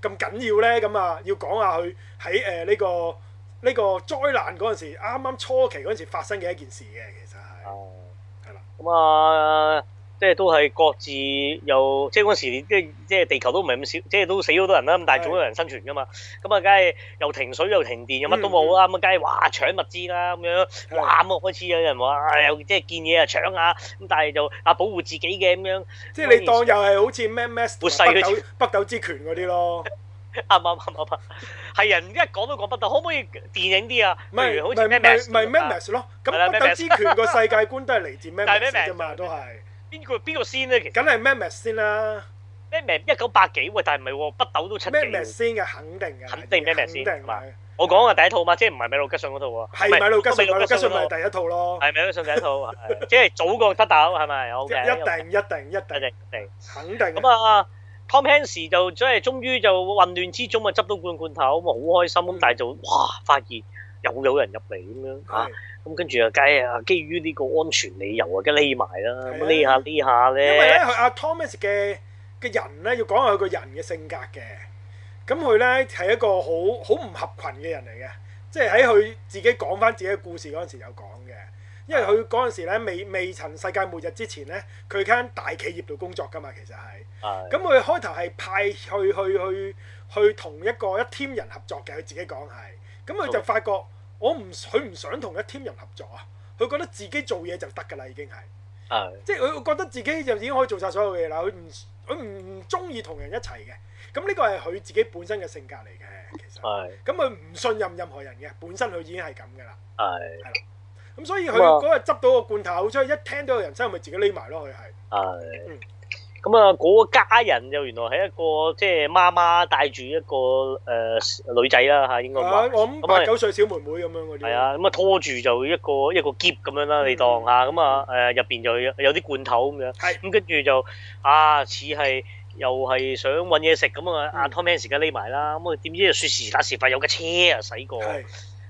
[SPEAKER 2] 咁緊要呢？咁啊，要講下佢喺誒呢個呢個災難嗰陣時，啱啱初期嗰陣時發生嘅一件事嘅，其實
[SPEAKER 1] 係，咁啊、uh, 吧。Uh 即係都係各自又，即係嗰陣時，即係即係地球都唔係咁少，即係都死咗好多人啦。咁但係仲有人生存㗎嘛？咁啊，梗係又停水又停電又乜都冇啊。咁啊，梗係哇搶物資啦咁樣，哇咁啊開始有人話，即係見嘢啊搶啊。咁但係就啊保護自己嘅咁樣，即係你當
[SPEAKER 2] 又係好似《Menace》
[SPEAKER 1] 北斗之拳嗰啲咯。啱啱啱啱，係人一講都講北斗，可唔可以電影啲啊？唔係唔係唔係《Menace》咯。咁《北斗之拳》個世界
[SPEAKER 2] 觀都係嚟自《Menace》啫嘛，
[SPEAKER 1] 都係。邊個邊個先咧？其實梗係 Mad Max 先啦，Mad Max 一九八幾喎，但係唔係喎，北斗都出嘅。Mad Max 先嘅肯定嘅，肯定 Mad Max 先，我講啊第一套嘛，即係唔係米路吉信嗰套喎，係米路吉信，米路吉信咪第一套咯，係米路吉信第一套，即係早過北斗係咪？一定一定一定一定，肯定咁啊！Tom Hanks 就即係終於就混亂之中啊執到罐罐頭，好開心咁，但係就哇發現又有人入嚟咁樣吓。咁跟住啊，基啊，基於呢個安全理由啊，梗匿埋啦，匿的下匿下咧、就是。因為咧，
[SPEAKER 2] 阿 Thomas 嘅嘅人咧，要講下佢個人嘅性格嘅。咁佢咧係一個好好唔合群嘅人嚟嘅，
[SPEAKER 1] 即係喺佢自己
[SPEAKER 2] 講返自己嘅故事嗰陣時有講嘅。因為佢嗰陣時咧，未未曾世界末日之前咧，佢間大企業度工作㗎嘛，其實係。係的。咁佢開頭係派去去去去，去同一個一 team 人合作嘅，佢自己講係。咁佢就發覺。我唔，佢唔想同一 team 人合作啊！佢覺得自己做嘢就得噶啦，已經係。係。即係佢覺得自己就已經可以做晒所有嘢啦，佢唔佢唔中意同人一齊嘅。咁呢個係佢自己本身嘅性格嚟嘅，
[SPEAKER 1] 其實。係。
[SPEAKER 2] 咁佢唔信任任何人嘅，本身佢已經係咁噶啦。係。係啦。咁所以佢嗰日執到個罐頭出去，一聽到有人聲，咪自己匿埋咯，佢係。
[SPEAKER 1] 係。係。嗯。咁啊，嗰家人就原來係一個即係、就是、媽媽帶住一個誒、呃、女仔啦嚇，應該。係、啊、八九歲小妹妹咁樣嗰啲。啊，咁啊拖住就一個一個喼咁樣啦，你當下咁啊誒入邊就有啲罐頭咁樣。咁跟住就啊似係又係想揾嘢食咁啊，眼睇咩時間匿埋啦，咁啊點知就說時打時快有架車啊駛過。嗯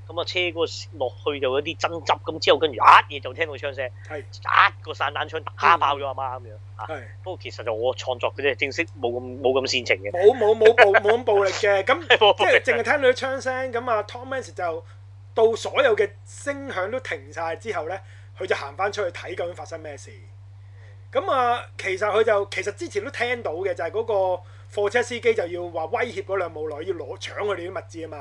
[SPEAKER 1] 咁啊，車嗰落去就有一啲爭執咁之後，跟住一嘢就聽到槍聲，一個是、啊、散彈槍打爆咗阿媽咁樣。不過是其實就我創作嘅啫，正式冇咁冇咁煽情嘅，冇冇冇暴
[SPEAKER 2] 冇咁暴力嘅。咁
[SPEAKER 1] 即係淨係聽
[SPEAKER 2] 到啲槍聲。咁啊，Tom Hanks 就 到所有嘅聲響都停晒之後咧，佢就行翻出去睇究竟發生咩事。咁啊，其實佢就其實之前都聽到嘅，就係、是、嗰個貨車司機就要話威脅嗰兩母女要攞搶佢哋啲物資啊嘛。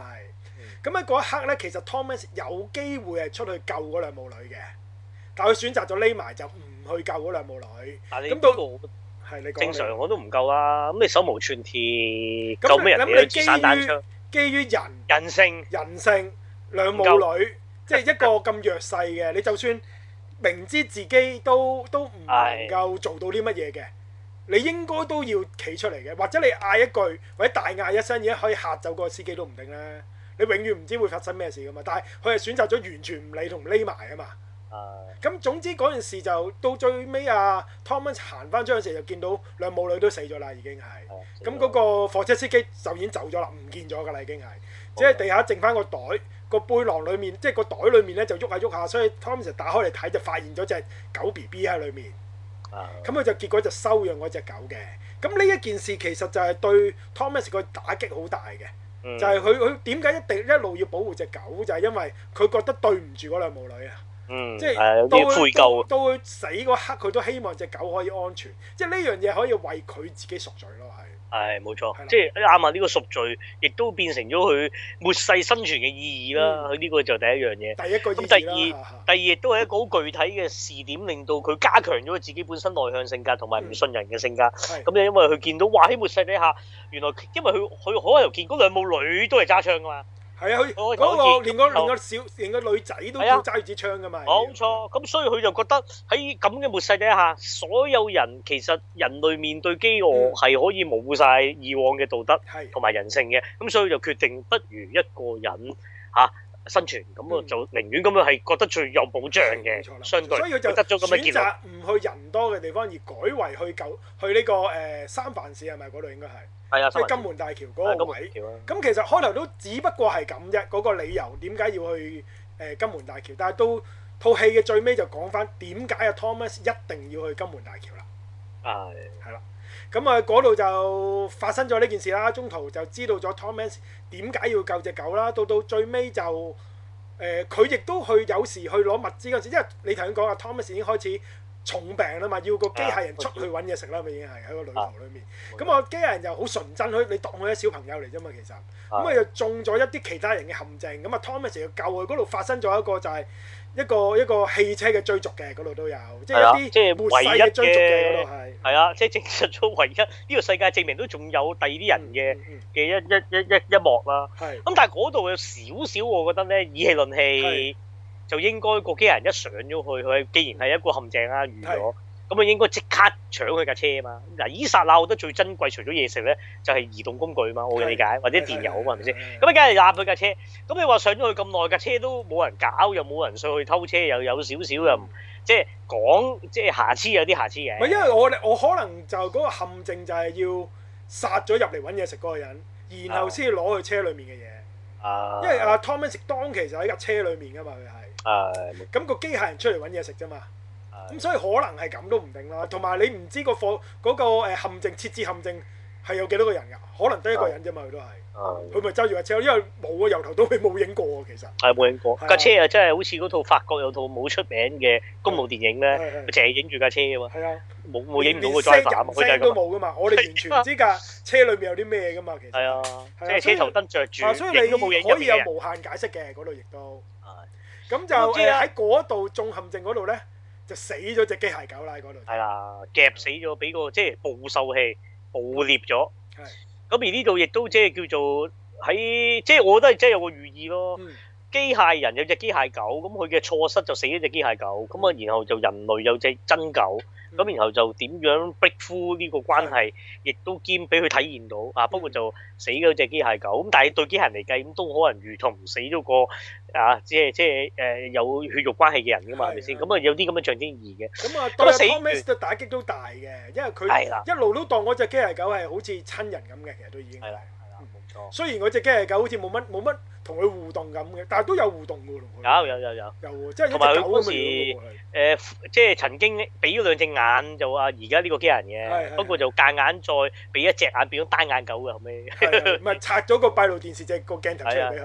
[SPEAKER 2] 咁喺嗰一刻咧，其實 Thomas 有機會係出去救嗰兩母女嘅，但佢選擇咗匿埋，就唔去救嗰兩母女。咁都係你正常，
[SPEAKER 1] 我都唔夠啦。咁你手無寸鐵，嗯、救咩人哋散彈槍？
[SPEAKER 2] 基於人人性、人性，兩母女即係不夠 一個咁弱勢嘅 你，就算明知自己都都唔能夠做到啲乜嘢嘅， 你應該都要企出嚟嘅。或者你嗌一句，或者大嗌一聲，已經可以嚇走嗰個司機都唔定啦。你永遠唔知會發生咩事噶嘛，但係佢係選擇咗完全唔理同匿埋啊嘛。咁、uh, 總之嗰件事就到最尾啊，Thomas 行翻張時就見到兩母女都死咗啦，已經係。咁嗰、uh, 個火車司機就已經走咗啦，唔見咗噶啦，已經係。即係 Okay. 地下剩翻個袋個背囊裏面，即係個袋裏面咧就喐下喐下，所以 Thomas 打開嚟睇就發現咗隻狗 B B 喺裏面。咁佢、uh, uh. 就結果就收養嗰隻狗嘅。咁呢一件事其實就係對 Thomas 個打擊好大嘅。就係佢，佢點解一定一路要保護隻狗，就係、是、因為佢覺得對唔住嗰兩母女啊、嗯，即係都愧疚，到佢死嗰刻佢都希望隻狗可以安全，即係呢樣嘢可以為佢自己贖罪咯，係。
[SPEAKER 1] 係冇、哎、錯，的即係亞馬呢個贖罪，亦都變成咗佢末世生存嘅意義啦。佢呢、嗯、個就第一樣嘢。第一個，咁第二， 第二亦都係一個好具體嘅視點，令到佢加強咗佢自己本身內向性格同埋唔信人嘅性格。咁就因為佢見到哇！喺末世底下，原來因為佢佢好開頭見嗰兩母女都係揸槍噶嘛。係啊，佢嗰，嗰個時連個時連個小時連
[SPEAKER 2] 個女
[SPEAKER 1] 仔都要揸住支槍噶嘛。冇、啊、錯，咁所以佢就覺得喺咁嘅末世底下，所有人其實人類面對饑餓係、嗯、可以冇晒以往嘅道德同埋人性嘅，咁、啊、所以就決定不如一個人嚇。啊生存咁啊，嗯、就寧願咁樣，係覺得最有保障嘅，錯相對。所以佢就選擇
[SPEAKER 2] 唔去人多嘅地方，而改為去舊，去呢、這個誒、呃、三藩市係咪嗰度？是，是應該係。係啊，即係金門大橋嗰個位。咁、啊、其實開頭都只不過係咁啫，嗰、那個理由點解要去誒、呃、金門大橋？但係都套戲嘅最尾就講翻點解阿、啊、Thomas 一定要去金門大橋啦。係、哎。係啦。咁啊，嗰度就發生咗呢件事啦。中途就知道咗 Thomas 點解要救隻狗啦。到到最尾就誒，佢、呃、亦都去有時去攞物資嗰陣時，因為你頭先講啊 Thomas 已經開始重病啦嘛，要個機械人出去揾嘢食啦，咁已經係喺個旅途裏面。咁啊，啊啊機械人又好純真，佢你當佢係小朋友嚟啫嘛，其實咁啊又、啊、中咗一啲其他人嘅陷阱。咁啊 Thomas 要救佢，嗰度發生咗一個就係、是。一個一個汽車嘅追逐嘅嗰度都有，即係啲末世嘅追逐嘅嗰度，
[SPEAKER 1] 係。係啊，即係、啊、證實咗唯一呢、這個世界證明都仲有第二啲人嘅嘅、嗯嗯、一一一一一幕啦。咁是的、嗯、但係嗰度有少少，我覺得咧以氣論氣，是的 就應該個機人一上咗去，佢既然係一個陷阱啊，預咗。咁啊，應該即刻搶佢架車啊嘛！嗱，依剎那我覺得最珍貴，除咗嘢食咧，就係、是、移動工具啊嘛！我嘅理解，的或者電油啊嘛，係咪先？咁啊知，梗係搶佢架車。咁的你話上咗去咁耐，架車都冇人搞，又冇人上去偷車，又有少少又唔，即係講即係瑕疵，就是就是、有啲瑕疵嘅。唔係
[SPEAKER 2] 因為我我可能就嗰個陷阱就係要殺咗入嚟揾嘢食嗰個人，然後先攞去車裡面嘅嘢。啊。因為阿 Tommy 食當其就喺架車裡面噶嘛，佢係。係、啊。咁個機械人出嚟揾嘢食啫嘛。咁所以可能係咁都唔定啦，同埋你唔知個貨嗰個陷阱設置陷阱係有幾多個人㗎？可能得一個人啫嘛，佢都係，佢咪揸住架車因為冇啊，由頭到尾冇影過其
[SPEAKER 1] 實係冇影過架車啊，真係好似嗰套法國有套冇出名嘅公路電影咧，佢成日影住架車㗎喎。係啊，冇冇影唔會再犯，佢就咁，都
[SPEAKER 2] 冇㗎嘛，我哋完全唔知架車裏面有啲咩㗎嘛，其
[SPEAKER 1] 實係啊，即係車頭燈着住，亦都冇影唔到，所以你可以有無
[SPEAKER 2] 限解釋嘅嗰度，亦都係咁就誒喺嗰度中陷阱嗰度咧。
[SPEAKER 1] 就死咗隻機械狗啦！嗰度係啦，夾死咗，俾個即係捕獸器捕獵咗。係咁的而呢度亦都即係叫做喺即係，我覺得即係有個寓意咯。嗯、機械人有隻機械狗，咁佢嘅錯失就死咗隻機械狗，咁啊、嗯，然後就人類有隻真狗。咁然後就點樣逼呼呢個關係，是的 亦都兼俾佢體驗到是的 啊！不過就死咗隻機械狗，咁但係對機械人嚟計，咁都可能如同死咗個啊，即係即係誒有血肉關係嘅人噶嘛，係咪先？咁啊、嗯，有啲咁嘅象徵意義嘅。咁啊，
[SPEAKER 2] 對 p r o m 嘅打擊都大嘅，嗯、因為佢一路都當嗰隻機械狗係好似親人咁嘅，其實都已經。雖然我隻機械狗好似冇乜冇乜同佢互動咁嘅，但係都有互動
[SPEAKER 1] 嘅，有有有有，同埋佢嗰時即係曾經俾咗兩隻眼，就話而家呢個機人嘅。不過就間眼再俾一隻眼變咗單眼狗嘅，後尾唔係拆咗個閉路電視隻個鏡頭出俾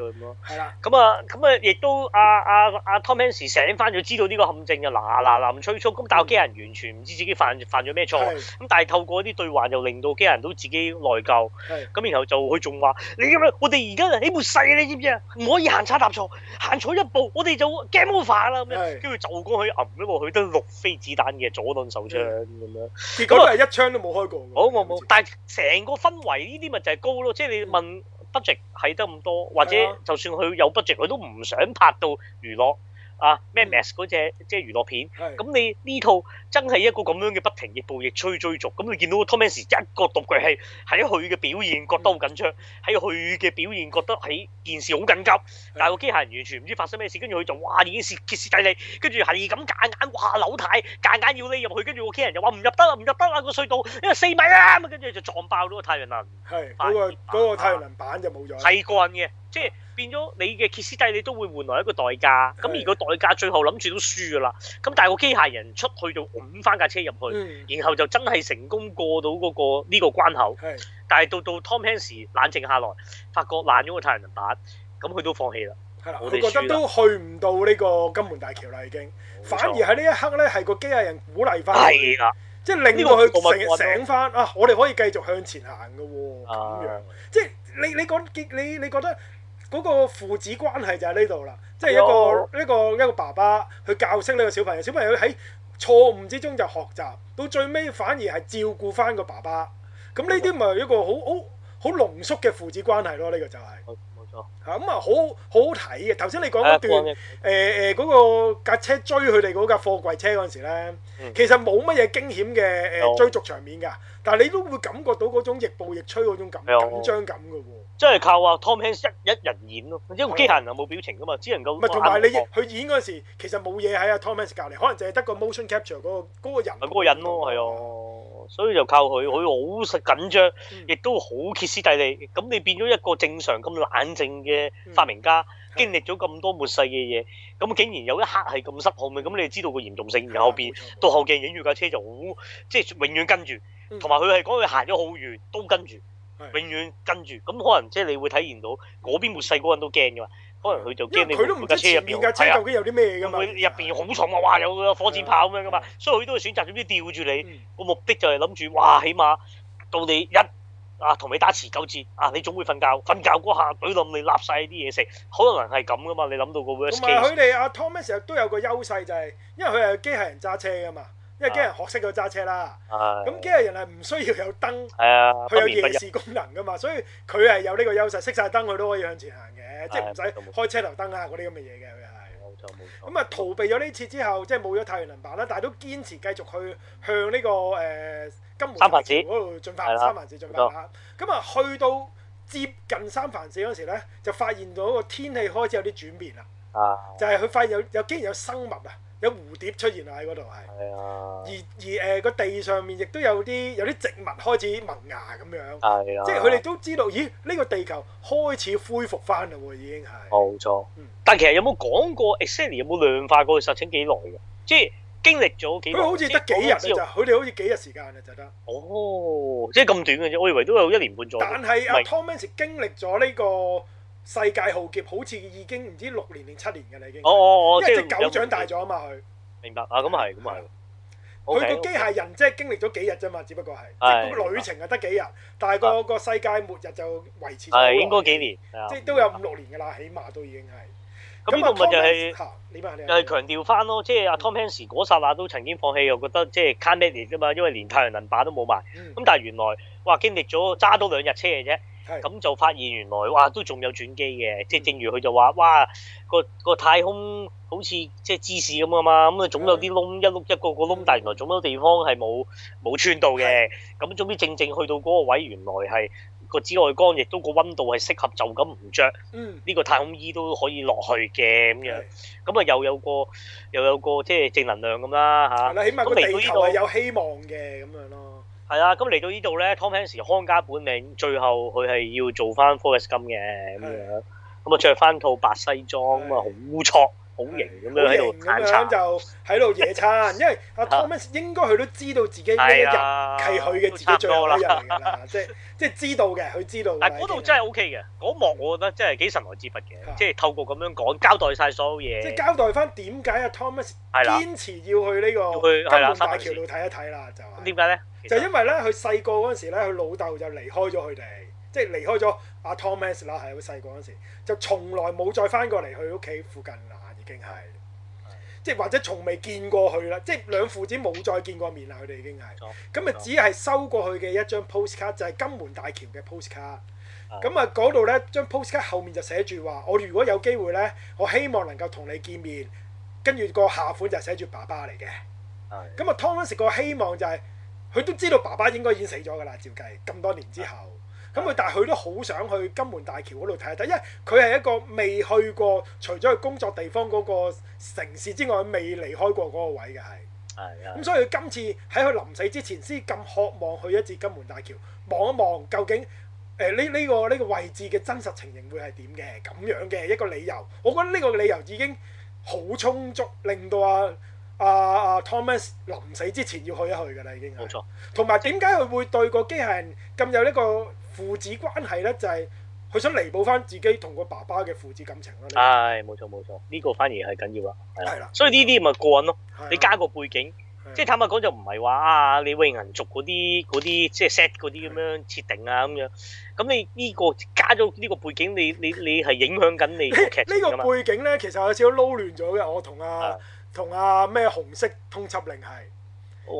[SPEAKER 1] 佢。係啦，咁啊咁啊，亦都阿阿阿 Tom Hanks 醒翻就知道呢個陷阱嘅，嗱嗱林催促。咁但係機人完全唔知自己犯犯咗咩錯。咁但係透過啲對話又令到機人都自己內疚。咁然後就。佢仲話：你咁樣，我哋而家起步細你知唔知啊？唔可以行差踏錯，行錯一步，我哋就 game over 啦咁樣。跟住是就過去揞揼咗，佢都六飛子彈嘅左輪手槍咁樣，嗯、結果係一槍都冇開過。好、嗯，我冇、嗯。但係成個氛圍呢啲咪就係高咯，即係你問 budget 係得咁多，或者就算佢有 budget，佢都唔想拍到娛樂，啊，uh, m《m s 嗰隻即係娛樂片，咁是的 你呢套真係一個咁樣嘅不停嘅亦步亦趨追逐，咁你見到《Thomas》一個獨腳戲，喺佢嘅表現覺得好緊張，喺佢嘅表現覺得件事好緊急，是的 但係個機械人完全唔知發生咩事，跟住佢就哇已經是歇斯底里，跟住係咁夾硬，哇扭太夾硬要你入去，跟住個機械人就話唔入得啦，唔入得啦個隧道，因為四米啦嘛，跟住就撞爆咗個太陽能係嗰、
[SPEAKER 2] 嗰個嗰個太陽能板就冇咗，係個人嘅。即係變咗
[SPEAKER 1] 你嘅傑斯蒂，你都會換來一個代價。咁是的 而個代價最後諗住都輸㗎啦。咁但係個機械人出去就揼翻架車入去，嗯、然後就真係成功過到嗰個呢個關口。是的 但係到到 Tom Hanks 冷靜下來，發覺爛咗個太陽能板，咁佢都放棄啦。係啦的，我哋輸咗。覺得都去
[SPEAKER 2] 唔到呢個金門大橋啦，已經。沒錯 反而喺呢一刻咧，係個機械人鼓勵翻佢，係啦的，即係令到佢醒醒翻啊！我哋可以繼續向前行㗎喎。咁樣，嗯、即係你你講你你覺得？嗰個父子關係就喺呢度啦，即係一個、啊、一個一個爸爸去教識呢個小朋友，小朋友喺錯誤之中就學習，到最尾反而係照顧翻個爸爸。咁呢啲咪一個好好好濃縮嘅父子關係咯？呢、這個就係、是、冇、哦、錯嚇，咁啊、嗯、好、好好睇嘅。頭先你講嗰段誒誒嗰個架車追佢哋嗰架貨櫃車嗰陣時咧，嗯、其實冇乜嘢驚險嘅誒、呃啊、追逐場面㗎，但係你都會感覺到嗰種逆暴逆吹，嗰種緊張感㗎喎。啊
[SPEAKER 1] 啊啊啊真係靠啊，Tom Hanks 一一人演咯，因為機械人又冇表情㗎嘛，只能夠，咪同埋你
[SPEAKER 2] 佢演嗰陣時，其實冇嘢喺阿 Tom Hanks 隔籬，可能淨係得個 motion capture 嗰個人嗰個人
[SPEAKER 1] 咯，係啊，所以就靠佢，佢好緊張，亦都好歇斯底里。咁你變咗一個正常咁冷靜嘅發明家，經歷咗咁多末世嘅嘢，咁竟然有一刻係咁失控嘅，咁你哋知道個嚴重性。然後變到後鏡影住架車就好，即係永遠跟住，同埋佢係講佢行咗好遠都跟住。永遠跟住，咁可能即係你會體驗到嗰邊末世嘅人都驚嘅，可能佢就驚你唔，架車入邊架車究竟有啲咩噶嘛？入邊好重啊，哇！有火箭炮咁樣噶嘛，啊啊、所以佢都會選擇總之吊住你，個、嗯、目的就係諗住，哇！起碼到你一啊同你打持久戰啊，你總會瞓覺，瞓覺嗰下佢諗你立晒啲嘢食，好多人係咁噶嘛，你諗到有 Thomas, 有個。同埋佢
[SPEAKER 2] 哋阿 Thomas 都有個優勢就係、是，因為佢係機械人揸車噶嘛。因為機器人學識咗揸車啦，咁機器人係唔需要有燈，
[SPEAKER 1] 佢有夜視
[SPEAKER 2] 功能噶嘛，所以佢係有呢個優勢，熄晒燈佢都可以向前行嘅，即係唔使開車頭燈啊嗰啲咁嘅嘢嘅又係。冇錯冇錯。咁啊，逃避咗呢次之後，即係冇咗太陽能板啦，但係都堅持繼續去向呢個誒金門三藩市嗰度進發，三藩市進發嚇。咁啊，去到接近三藩市嗰時咧，就發現到個天氣開始有啲轉變啦。就係佢發現有有竟然有生物啊！有蝴蝶出現啊，喺嗰度係，而而誒個地上面亦都有啲有啲植物開始萌芽咁
[SPEAKER 1] 樣，即係佢哋都
[SPEAKER 2] 知道，咦，呢個地球開始恢復翻啦喎已經係。
[SPEAKER 1] 冇錯，但其實有冇講過 exactly 有冇量化過佢實踐幾耐嘅？即係經歷咗幾佢好似得幾日㗎咋？
[SPEAKER 2] 佢哋好似幾日時間㗎就得。
[SPEAKER 1] 哦，即係咁短嘅啫，我以為都有一年半載。但係阿
[SPEAKER 2] Tom Hanks 經歷咗呢個。世界浩劫好似已經唔知六年定七年嘅啦，已經。哦哦哦，即係隻狗長大咗啊嘛，
[SPEAKER 1] 佢。明白啊，咁係，咁係。佢個機械
[SPEAKER 2] 人即係經歷咗幾日啫嘛，只不過係，即係個旅程啊得幾日，但係個世界末日就維持咗。係應該幾年？即係都有五六年嘅啦，起碼都已
[SPEAKER 1] 經係。咁啊，就係就係強調返咯，即係阿 Tom Hanks 嗰剎那都曾經放棄，又覺得即係 card 咩年啫嘛，因為連太陽能板都冇埋。咁但係原來哇，經歷咗揸多兩日車嘅啫。咁就發現原來哇，都仲有轉機嘅，即係正如佢就話，哇個個太空好似即係芝士咁啊嘛，咁啊總有啲窿一碌一個個窿，但原來總有地方係冇冇穿到嘅。咁總之正正去到嗰個位，原來係個紫外光亦都個溫度係適合就咁唔着。呢個太空衣都可以落去嘅咁樣。咁啊又有個又有個即係正能量咁啦嚇。係啦，嚟到呢度係有希
[SPEAKER 2] 望嘅咁樣咯。
[SPEAKER 1] 係啊，咁嚟到呢度咧，Tom Hanks 看家本領，最後佢係要做翻 Forrest Gump 嘅咁樣，咁啊着翻套白西裝，咁啊好污糟。好型咁樣，好型咁樣就
[SPEAKER 2] 喺度野餐。因為阿 Thomas 應該佢都知道自己一日係佢嘅自己最好一個人嚟噶啦，
[SPEAKER 1] 即即知道嘅，佢知道。嗰度真係 OK 嘅嗰幕，我覺得真係幾神來之筆嘅，即透過咁樣講交代晒所有嘢。即交
[SPEAKER 2] 代翻點解阿 Thomas 堅持要去呢個金門大橋度睇一睇啦。
[SPEAKER 1] 就點解咧？就因
[SPEAKER 2] 為咧，佢細個嗰陣時咧，佢老豆就離開咗佢哋，即離開咗阿 Thomas 啦。係佢細個嗰陣時就從來冇再翻過嚟佢屋企附近啦。已經係，即係或者從未見過佢啦，即係兩父子冇再見過面啦，佢哋已經係，咁啊只係收過去嘅一張 postcard 就係金門大橋嘅 postcard，咁啊嗰度呢張 postcard 後面就寫住話我如果有機會呢，我希望能夠同你見面，跟住個下款就寫住爸爸嚟嘅，咁啊的湯漢斯個希望就係、是，佢都知道爸爸應該已經死咗㗎啦，照計咁多年之後。咁佢但係佢都好想去金門大橋嗰度睇下。睇，因為佢係一個未去過，除咗佢工作地方嗰個城市之外，未離開過嗰個位嘅係。係啊。咁所以佢今次喺佢臨死之前，先咁渴望去一次金門大橋望一望，究竟誒呢呢個呢、這個位置嘅真實情形會係點嘅？咁樣嘅一個理由，我覺得呢個理由已經好充足，令到阿、啊、阿阿、啊啊、Thomas 臨死之前要去一去㗎啦，已經。冇錯。同埋點解佢會對個機械人咁有呢個？父子關係咧就係、是、佢想彌補翻自己同個爸爸嘅父子感情咯。係、這個
[SPEAKER 1] 哎，冇錯冇錯，呢、這個反而係緊要啦，係啦。的所以呢啲咪個人咯，的你加個背景，的即係坦白講就唔係話啊李永恆族嗰啲啲即係 set 嗰啲咁樣設定啊咁的樣。咁你呢、這個加咗呢個背景，你你你係影響緊你個劇呢個背
[SPEAKER 2] 景咧，其實有少少撈亂咗嘅。我同阿、啊，同阿咩紅色通緝令係。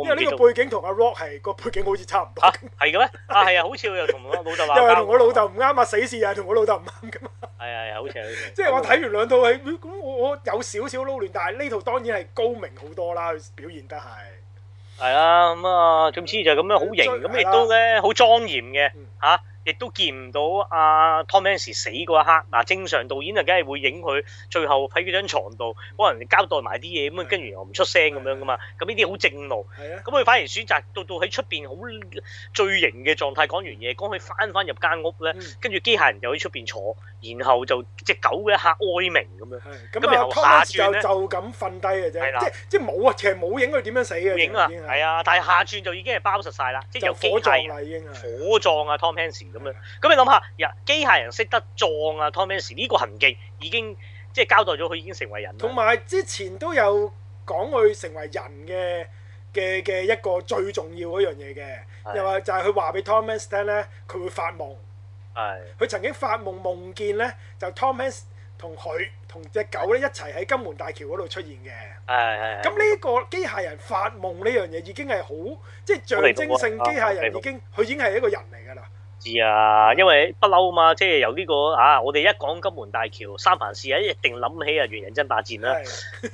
[SPEAKER 2] 因為呢個背景同阿 Rock 係個背景好似差唔多，
[SPEAKER 1] 係嘅咩？啊係啊，好似佢又同我老豆話，又係同我老
[SPEAKER 2] 豆唔啱啊！死侍又係同我老豆唔啱㗎
[SPEAKER 1] 嘛？係係，好似即係我睇
[SPEAKER 2] 完兩套戲，咁我我有少少撈亂，但係呢套當然係高明好多啦，表現得係
[SPEAKER 1] 係啊，咁啊，總之就咁樣好型，咁亦都咧好莊嚴嘅嚇。亦都見唔到阿、啊、Tom Hanks 死嗰一刻，嗱、啊、正常導演就梗係會影佢最後喺嗰張床度可能交代埋啲嘢咁啊，的跟住又唔出聲咁的樣噶嘛，咁呢啲好正路。係啊的，咁佢反而選擇到到喺出邊好最型嘅狀態講完嘢，講佢翻翻入間屋咧，跟住機械人又喺出邊坐，然後就隻狗嘅一刻哀鳴咁樣，咁然後下就就咁瞓低嘅啫，即
[SPEAKER 2] 即冇啊，其實冇影佢點樣死嘅，影啊？
[SPEAKER 1] 係啊，但係下轉就已經係包實晒啦，即有機械人火葬啊 Tom Hanks 咁樣。咁你諗下，機械人識得葬啊 Tom Hanks 呢個痕跡已經即交代咗佢已經成為人。
[SPEAKER 2] 同埋之前都有講佢成為人嘅嘅嘅一個最重要嗰樣嘢嘅，又話就係佢話俾 Tom Hanks 聽咧，佢會發夢。佢曾經發夢夢見咧，就 Thomas 同佢同隻狗咧一齊喺金門大橋嗰度出現嘅。係咁呢個機械人發夢呢樣嘢已經係好，
[SPEAKER 1] 即係象徵性機械人已經，
[SPEAKER 2] 佢 已經係一個人嚟㗎啦。
[SPEAKER 1] 啊，因為不嬲啊嘛，即係由呢、呢個嚇、啊，我哋一講金門大橋、三藩市啊，一定諗起啊《猿人爭霸戰》啦。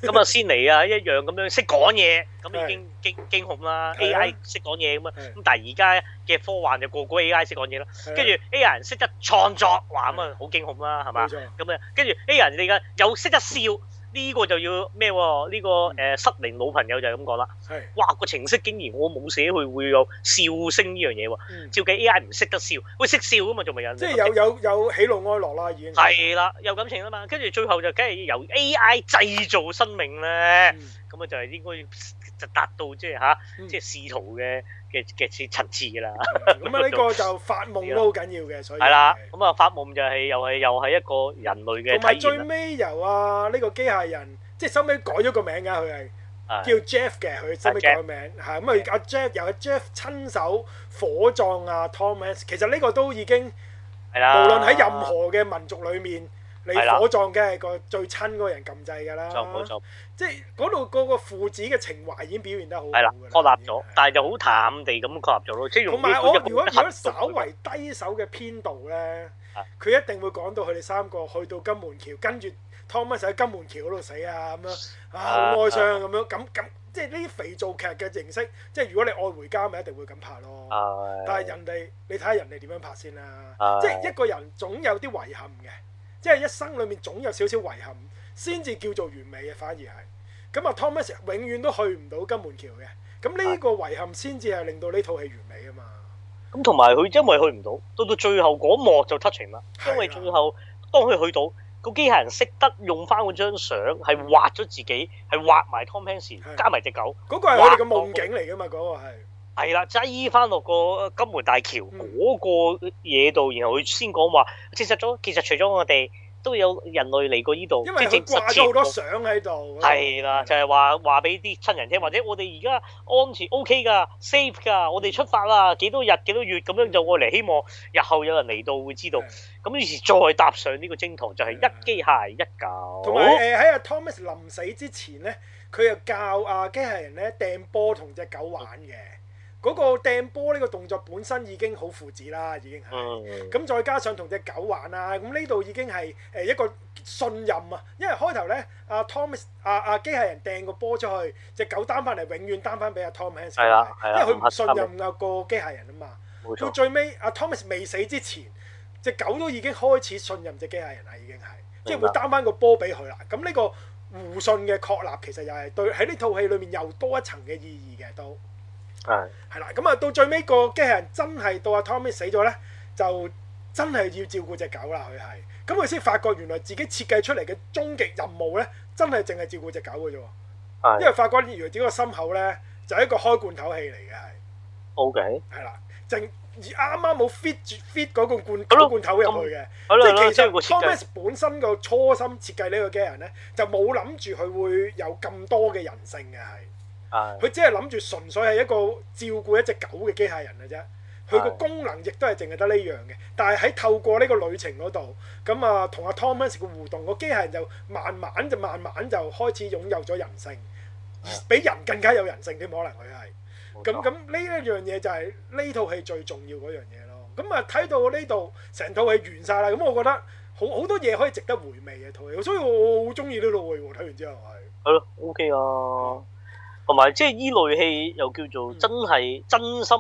[SPEAKER 1] 咁啊，先嚟啊，一樣咁樣識講嘢，咁已經驚的驚恐啦。的 A.I. 識講嘢咁啊，咁的但係而家嘅科幻就個個，個 A.I. 識講嘢啦。跟住 A.I. 識得創作，哇咁啊，好驚恐啦，係嘛的？咁啊吧，跟住 A.I. 你而家又識得笑。呢個就要咩喎、啊？呢、這個誒、呃、失靈老朋友就係咁講啦。係是。哇！這個程式竟然我冇寫佢會有笑聲呢樣嘢喎。嗯、照計 A.I. 唔識得笑，會識笑噶嘛？仲咪人？即係有
[SPEAKER 2] 有有喜怒哀樂啦，已經。係
[SPEAKER 1] 啦，有感情啊嘛。跟住最後就梗係由 A.I. 製造生命咧。嗯。咁啊，就係應該就達到即係嚇，即係試圖嘅。嘅嘅次七次㗎啦、 嗯，咁啊呢個就
[SPEAKER 2] 發夢都好緊要嘅，所以係、就、啦、
[SPEAKER 1] 是，咁啊發夢就係又係又係一個人類嘅、啊。同埋最
[SPEAKER 2] 尾由啊呢個機械人，即係收尾改咗個名㗎，佢係的叫 Jeff 嘅，佢收尾改名，係咁啊阿 Jeff 又係、啊、Jeff 親手火葬啊 Thomas，其實呢個都已經係啦，的無論喺任何嘅民族裏面。你火葬嘅個最親嗰個人撳掣㗎啦，即係嗰度嗰個父子嘅情懷已經表現得好，係啦，確
[SPEAKER 1] 立咗，但係就好淡地咁確立咗咯。同埋我如果如果稍微
[SPEAKER 2] 低手嘅編導咧，佢一定會講到佢哋三個去到金門橋，跟住湯米就喺金門橋嗰度死啊咁樣，好哀傷咁樣。咁咁即係呢啲肥皂劇嘅形式，即係如果你愛回家咪一定會咁拍咯。但係人哋你睇下人哋點樣拍先啦。即係一個人總有啲遺憾嘅。即係一生裏面總有少少遺憾，先至叫做完美嘅、啊，反而係咁啊。Tom Hanks 永遠都去唔到金門橋嘅，咁呢個遺憾
[SPEAKER 1] 先至係令到呢套戲完美啊嘛。咁同埋佢因為去唔到，到到最後嗰幕就 touching 啦。因為最後、啊、當佢去到個機械人識得用翻嗰張相，係畫咗自己，係畫埋 Tom Hanks、啊、加埋隻狗，嗰個係我哋嘅夢境嚟嘅
[SPEAKER 2] 嘛，嗰個係。
[SPEAKER 1] 係啦，即係翻落個金門大橋嗰個嘢度，嗯、然後佢先講話證實咗。其實除咗我哋都有人類嚟過呢度，因為佢掛咗好多相喺度。係啦了，的就係話話俾啲親人聽，或者我哋而家安全 O K 㗎，safe 㗎。嗯、我哋出發啦，幾多日幾多月咁樣、嗯、就過嚟，希望日後有人嚟到會知道。咁的於是再搭上呢個征途，就係、是、一機械一狗。同
[SPEAKER 2] 喺阿 Thomas 臨死之前咧，佢又教阿機械人咧掟波同隻狗玩嘅。嗰個掟波呢個動作本身已經好父子啦，已經係咁，嗯、再加上同隻狗玩啦，咁呢度已經係誒一個信任啊，因為開頭呢，阿、啊、Thomas 阿、啊、阿、啊、機械人掟個波出去，隻狗擔翻嚟，永遠擔翻俾阿 Thomas。因為佢唔信任個機械人啊嘛。錯到最尾阿、啊、Thomas 未死之前，隻狗都已經開始信任隻機械人啦，已經係，即係會擔翻個波俾佢啦。咁呢個互信嘅確立其實又係對喺呢套戲裏面又多一層嘅意義嘅都。係，係啦，咁啊，到最尾個機器人真係到阿 Tommy 死咗咧，就真係要照顧隻狗啦。佢係，咁佢先發覺原來自己設計出嚟嘅終極任務咧，真係淨係照顧隻狗嘅啫。係，因為發覺原來自己個心口咧，就係一個開罐頭器嚟嘅，係。OK，係啦，正而啱啱冇 fit 住 fit 嗰個罐、嗯、個罐頭入去嘅，即係其實 Tommy 本身個初心設計呢個機器人咧，就冇諗住佢會有咁多嘅人性嘅係。佢只係諗住純粹係一個照顧一隻狗嘅機械人嘅啫，佢個功能亦都係淨係得呢樣嘅。但係喺透過呢個旅程嗰度、啊，咁啊同阿 Tom Cruise 個互動，個機械人就慢慢就慢慢就開始擁有咗人性，而比人更加有人性添，可能佢係。咁咁呢一樣嘢就係呢套戲最重要嗰樣嘢咯、啊。咁啊睇到呢度，成套戲完晒啦。咁我覺得好好多嘢可以值得回味嘅套戲，所以我好中意呢套戲。睇完之
[SPEAKER 1] 後係。係 OK 啊。嗯 okay 同埋即係依類戲又叫做真係真心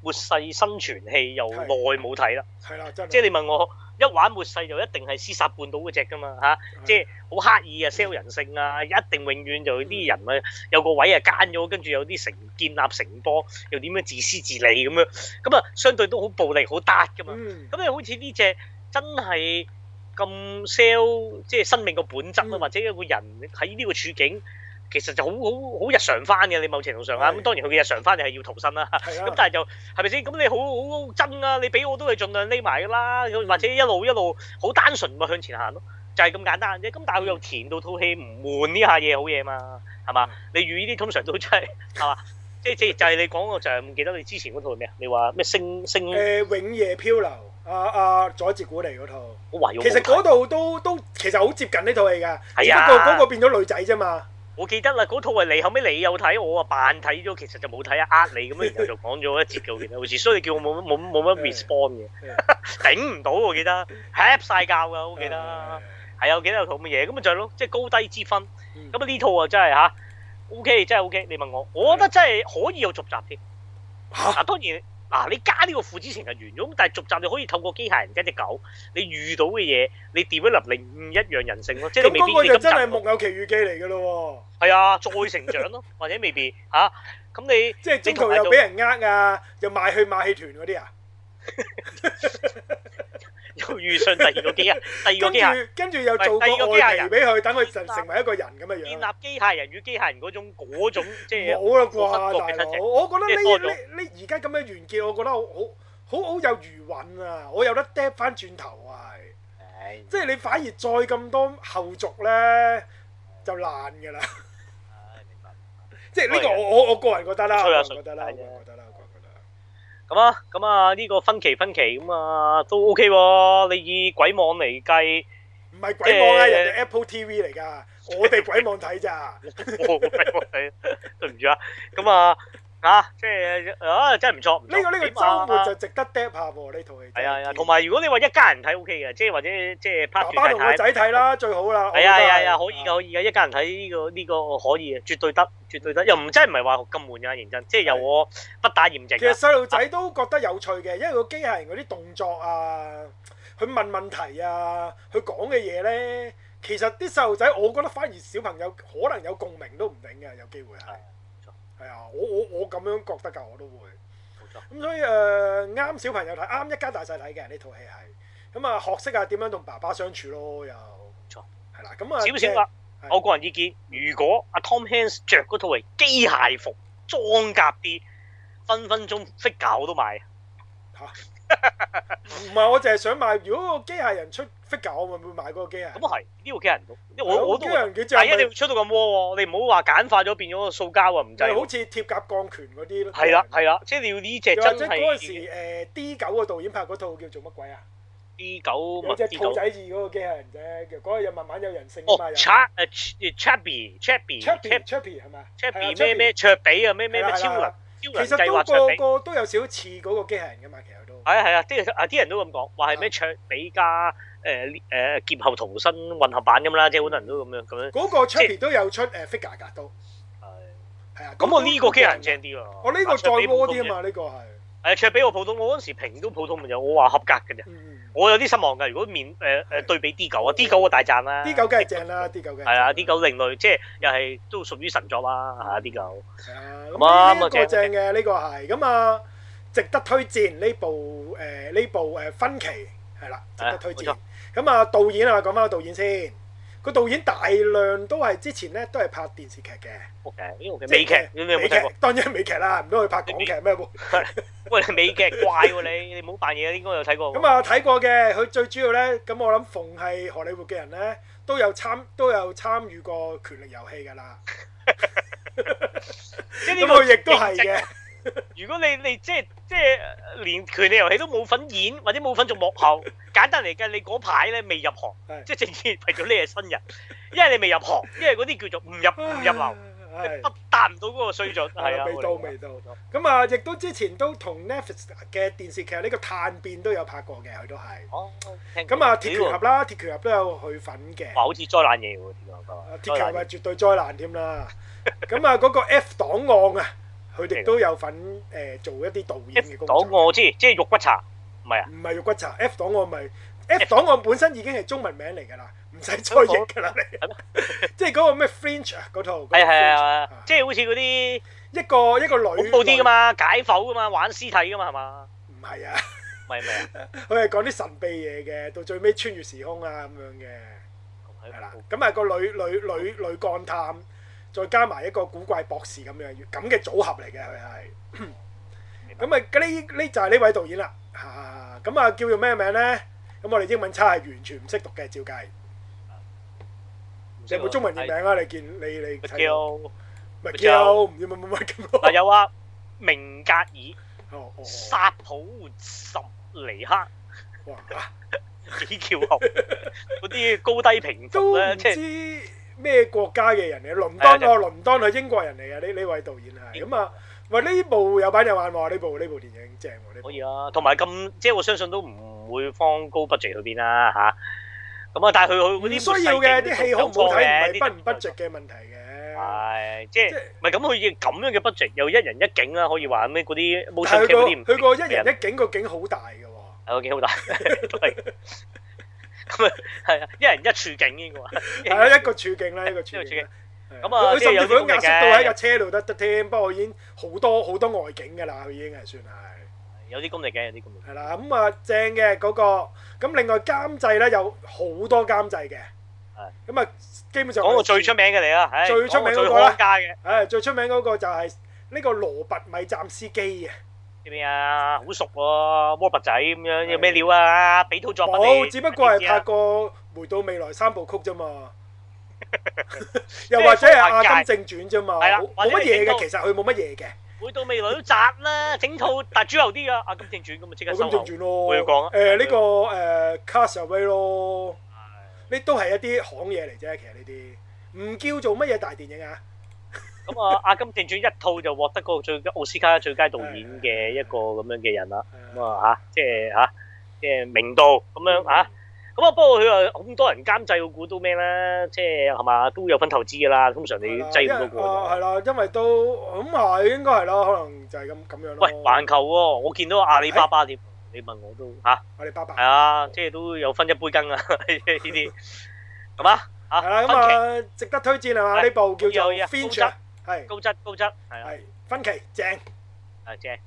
[SPEAKER 1] 末世生存戲，又耐冇睇啦。
[SPEAKER 2] 係
[SPEAKER 1] 啦，即係你問我一玩末世就一定係屍殺半島嗰隻噶嘛嚇？啊、的即係好刻意啊 sell、嗯、人性啊，一定永遠就啲人啊有個位啊奸咗，跟住有啲成建立城邦又點樣自私自利咁樣咁啊，相對都好暴力好突噶嘛。咁又、嗯、好似呢隻真係咁 sell 即係生命個本質啊，或者一個人喺呢個處境。其實就好好好日常翻嘅，你某程度上啊，咁的當然佢日常翻你係要逃生啦。咁的但係就係咪先咁？是是你好好真啊！你俾我都係盡量匿埋噶啦，或者一路一路好單純噉向前行咯，就係、是、咁簡單啫。咁、嗯、但係佢又填到套戲唔悶呢下嘢好嘢嘛？係嘛？嗯、你預呢啲通常都真係係嘛？即即就係你講個就係唔記得你之前嗰套咩啊？你話咩星星、呃？
[SPEAKER 2] 永夜漂流啊啊！佐、啊、治、啊、古尼嗰套，其實嗰度都都
[SPEAKER 1] 其實好接近呢套戲㗎，啊的，不過嗰個變咗女仔啫嘛。我記得啦，嗰套係你後尾你有睇，我啊扮睇咗，其實就冇睇啊，呃你咁樣，然後就講咗一節嘅，我記得好似，所以叫我冇冇冇乜 respond 嘅，res 頂唔到，我記得，瞌晒覺噶，我記得，係我記得有套乜嘢，咁咪就係咯，即係高低之分，咁啊呢套啊真係吓 OK 真係 OK，你問我，我覺得真係可以有續集添，嗱、啊、當然。嗱、啊，你加呢個父子情就完咗，但係續集你可以透過機械人跟隻狗，你遇到嘅嘢，你掉一粒另一樣人性咯。咁嗰個就真
[SPEAKER 2] 係木偶奇遇記嚟㗎咯。
[SPEAKER 1] 係 啊，再成長咯，或者未必吓，咁你即係中途又俾人
[SPEAKER 2] 呃啊，又賣去馬戲團嗰啲啊？ 又遇上第二個機械，第二個跟住又做個外皮俾佢，
[SPEAKER 1] 等佢成成為一個人咁嘅樣。建立機械人與機械人嗰種嗰種即係冇啦啩，大佬，我覺得呢呢
[SPEAKER 2] 呢而家咁樣完結，我覺得好好好好有餘韻啊！我有得掟翻轉頭啊！即係你反而再咁多後續咧，就爛㗎啦！即係呢個我我我個人覺得啦。
[SPEAKER 1] 咁啊，咁啊呢、這個分期分期咁啊都 O K 喎，你以鬼網嚟計，唔係鬼網啊，呃、人哋
[SPEAKER 2] Apple TV 嚟㗎， 我哋鬼網睇咋，我
[SPEAKER 1] 睇。對唔住啊，咁啊。嚇，即係啊，真係唔錯，呢個呢個週末就
[SPEAKER 2] 值得 drop 下喎呢套戲。
[SPEAKER 1] 係啊，同埋如果你話一家人睇 OK 嘅，即係或者即係爸同佢仔睇
[SPEAKER 2] 啦，最好啦。係啊係啊，
[SPEAKER 1] 可以噶可以噶，一家人睇呢個呢個可以嘅，絕對得絕對得。又唔真係唔係話咁悶嘅，認真。即係由我不打驗證。其實細路
[SPEAKER 2] 仔都覺得有趣嘅，因為個機械人嗰啲動作啊，佢問問題啊，佢講嘅嘢咧，其實啲細路仔，我覺得反而小朋友可能有共鳴都唔定嘅，有機會係。係啊，我我我咁樣覺得㗎，我都會。咁冇錯所以誒，啱、呃、小朋友睇，啱一家大細睇嘅呢套戲係。咁、嗯、啊，學識下點樣同爸爸相處咯，又唔錯。係啦，咁、嗯、啊，少少啦。其
[SPEAKER 1] 實我個人意見，係如果阿 Tom Hanks 着嗰套係機械服裝甲啲，分分鐘識搞都買。啊唔係，我
[SPEAKER 2] 淨係想買。如果個機械人出 figure，我會唔會買個機械？咁啊係呢個機械人。到，因為我我機械一定
[SPEAKER 1] 啊！出到咁窩，你唔好話簡化咗變咗個塑膠啊，唔制。好似貼
[SPEAKER 2] 甲鋼拳嗰啲咯。係啦係啦，
[SPEAKER 1] 即係你要呢隻真係。或者嗰
[SPEAKER 2] 陣時誒 D 九個導演拍嗰套叫做乜鬼啊
[SPEAKER 1] ？D 九有隻兔仔字
[SPEAKER 2] 嗰個機械人啫，嗰個又慢慢有人性啊
[SPEAKER 1] Chubby Chubby Chubby Ch 係嘛
[SPEAKER 2] ？Chubby 咩咩
[SPEAKER 1] ？Chubby 啊咩咩咩？超能，超人計劃，其實都個個
[SPEAKER 2] 都有少似嗰個機械人噶嘛？
[SPEAKER 1] 係啊係啊，啲啊啲人都咁講，話係咩卓比加誒誒劫後重生混合版咁啦，即係好多人都咁樣咁樣。嗰個出
[SPEAKER 2] 都有出誒 figure 㗎都係
[SPEAKER 1] 係啊，咁我呢個機人正啲喎，我呢個再摩啲啊嘛，呢個係。係卓比我普通，我嗰陣時評都普通嘅啫，我話合格嘅啫。我有啲失望㗎，如果面誒誒對比 D 九啊，D 九我大讚啦。D 九
[SPEAKER 2] 梗係正啦，D 九嘅。
[SPEAKER 1] 係啊，D 九另類，即係又係都屬於神作啦吓 D 九。係啊，咁呢個正
[SPEAKER 2] 嘅，呢個係㗎嘛。值得推薦呢部誒呢、呃、部誒芬奇係啦，值得推薦。咁啊，導演啊，講翻個導演先。個導演大量都係之前咧都係拍電視劇嘅。誒，okay, 因美劇，你明唔明
[SPEAKER 1] 當然美劇啦，唔通去拍港劇咩？喎，喂，美劇怪喎、啊， 你你冇扮嘢啦，應該有睇過。咁啊， 睇
[SPEAKER 2] 過嘅，佢最主要咧，咁我諗逢係荷里活嘅人咧，都有參都有參與過權力遊戲㗎啦。
[SPEAKER 1] 呢部亦都係嘅。 如果你你即係即係連權力遊戲都冇份演或者冇份做幕後，簡單嚟計你嗰排咧未入行，即係直正係咗你係新人。因為你未入行，因為嗰啲叫做唔入唔入流，達唔到嗰個水準。係啊，未到未到。咁啊，
[SPEAKER 2] 亦都之前都同 Netflix 嘅電視劇呢個探變都有拍過嘅，佢都係。
[SPEAKER 1] 咁啊，鐵拳俠
[SPEAKER 2] 啦，鐵拳俠都有佢份嘅。
[SPEAKER 1] 好似災難嘢喎，鐵拳俠。鐵拳係
[SPEAKER 2] 絕對災難添啦。咁啊，嗰個 F 檔案啊。佢哋都有份誒做一啲導演
[SPEAKER 1] 嘅工作。F 檔案我知，即係肉骨茶，唔係啊？唔係肉骨茶
[SPEAKER 2] ，F 檔案咪 F 檔案本身已經係中文名嚟㗎啦，唔使再譯㗎啦，你。即係嗰個咩
[SPEAKER 1] Fringe 啊嗰套？係係，即係好似嗰啲一個一個女恐怖啲㗎嘛，解剖㗎嘛，玩屍體㗎嘛係嘛？唔係啊，唔係啊，
[SPEAKER 2] 佢係講啲神秘嘢嘅，到最尾穿越時空啊咁樣嘅，係啦。咁係個女女女女幹探。再加埋一個古怪博士，咁樣咁嘅組合嚟嘅，係咪咁啊，呢呢就係呢位導演啦嚇。咁啊，叫做咩名咧？咁我哋英文差係完全唔識讀嘅，照計。
[SPEAKER 1] 有冇中文譯名啊？你見你你睇到？咪叫唔知乜乜乜咁啊？有啊，明格爾、沙普什尼克、李喬雄嗰啲高低平伏咧，即係。
[SPEAKER 2] 咩國家嘅人嚟？倫敦哦，倫敦係英國人嚟啊！呢呢位導演係咁啊，喂，呢部有板有眼喎，呢部呢部電影正喎，
[SPEAKER 1] 呢部可以啊，同埋咁，即係我相信都唔會放高 budget 去邊啦吓，咁啊，但係佢佢嗰啲需要嘅啲戲好唔好睇，不唔 budget 嘅問題嘅。係，即係唔係咁佢咁樣嘅 budget 又一人一景啦，可以話咩嗰啲冇新劇嗰啲唔係。佢個一人一
[SPEAKER 2] 景個景好大
[SPEAKER 1] 嘅喎，個景好大。係啊，一人一處境。呢經喎，係啊，一個處境啦，一個處境。咁啊，佢甚至乎壓縮到喺架
[SPEAKER 2] 車度得得添。不過已經好多好多外景嘅啦，
[SPEAKER 1] 已經係算係有啲功力嘅，有啲功力。
[SPEAKER 2] 係啦，咁啊正嘅嗰個，咁另外監製咧有好多監製嘅，咁啊基
[SPEAKER 1] 本上講個最出名嘅嚟啦，最出名嗰個咧，
[SPEAKER 2] 誒最出名嗰個就係呢個羅拔米暫斯基。
[SPEAKER 1] 咩啊？好熟喎 w a r 仔咁樣，又咩料啊？《比刀作》冇，只不過係拍
[SPEAKER 2] 個《回到未來》三部曲啫嘛。
[SPEAKER 1] 又或者係《阿金正
[SPEAKER 2] 傳》啫嘛，冇乜嘢嘅。其實佢冇乜嘢嘅。
[SPEAKER 1] 《回到未來》都砸啦，整套大豬油啲啊，《 阿金正傳》咁咪即刻阿金正傳》咯，我要講。誒、
[SPEAKER 2] 呃，呢的、呢個誒、呃、Cast Away 咯，呢都係一啲行嘢嚟啫。其實呢啲唔叫做乜嘢大電影啊。
[SPEAKER 1] 咁啊，阿甘正傳一套就獲得個最奧斯卡最佳導演嘅一個咁樣嘅人啦。咁啊嚇，即係嚇，即係名導咁樣嚇。咁啊，不過佢話咁多人監製個股都咩啦？即係係嘛，都有份投資噶啦。通常你擠咁多股，係啦，因為都咁係
[SPEAKER 2] 應該係咯，可能就係咁咁樣
[SPEAKER 1] 咯。喂，環球喎，我見到阿里巴巴點？你問我都嚇阿里巴巴。係啊，即係都有分一杯羹啊！呢啲係嘛？係啦，咁啊
[SPEAKER 2] 值得推薦係嘛？呢部叫做《
[SPEAKER 1] 係高質高質，係啊，分期正，係正。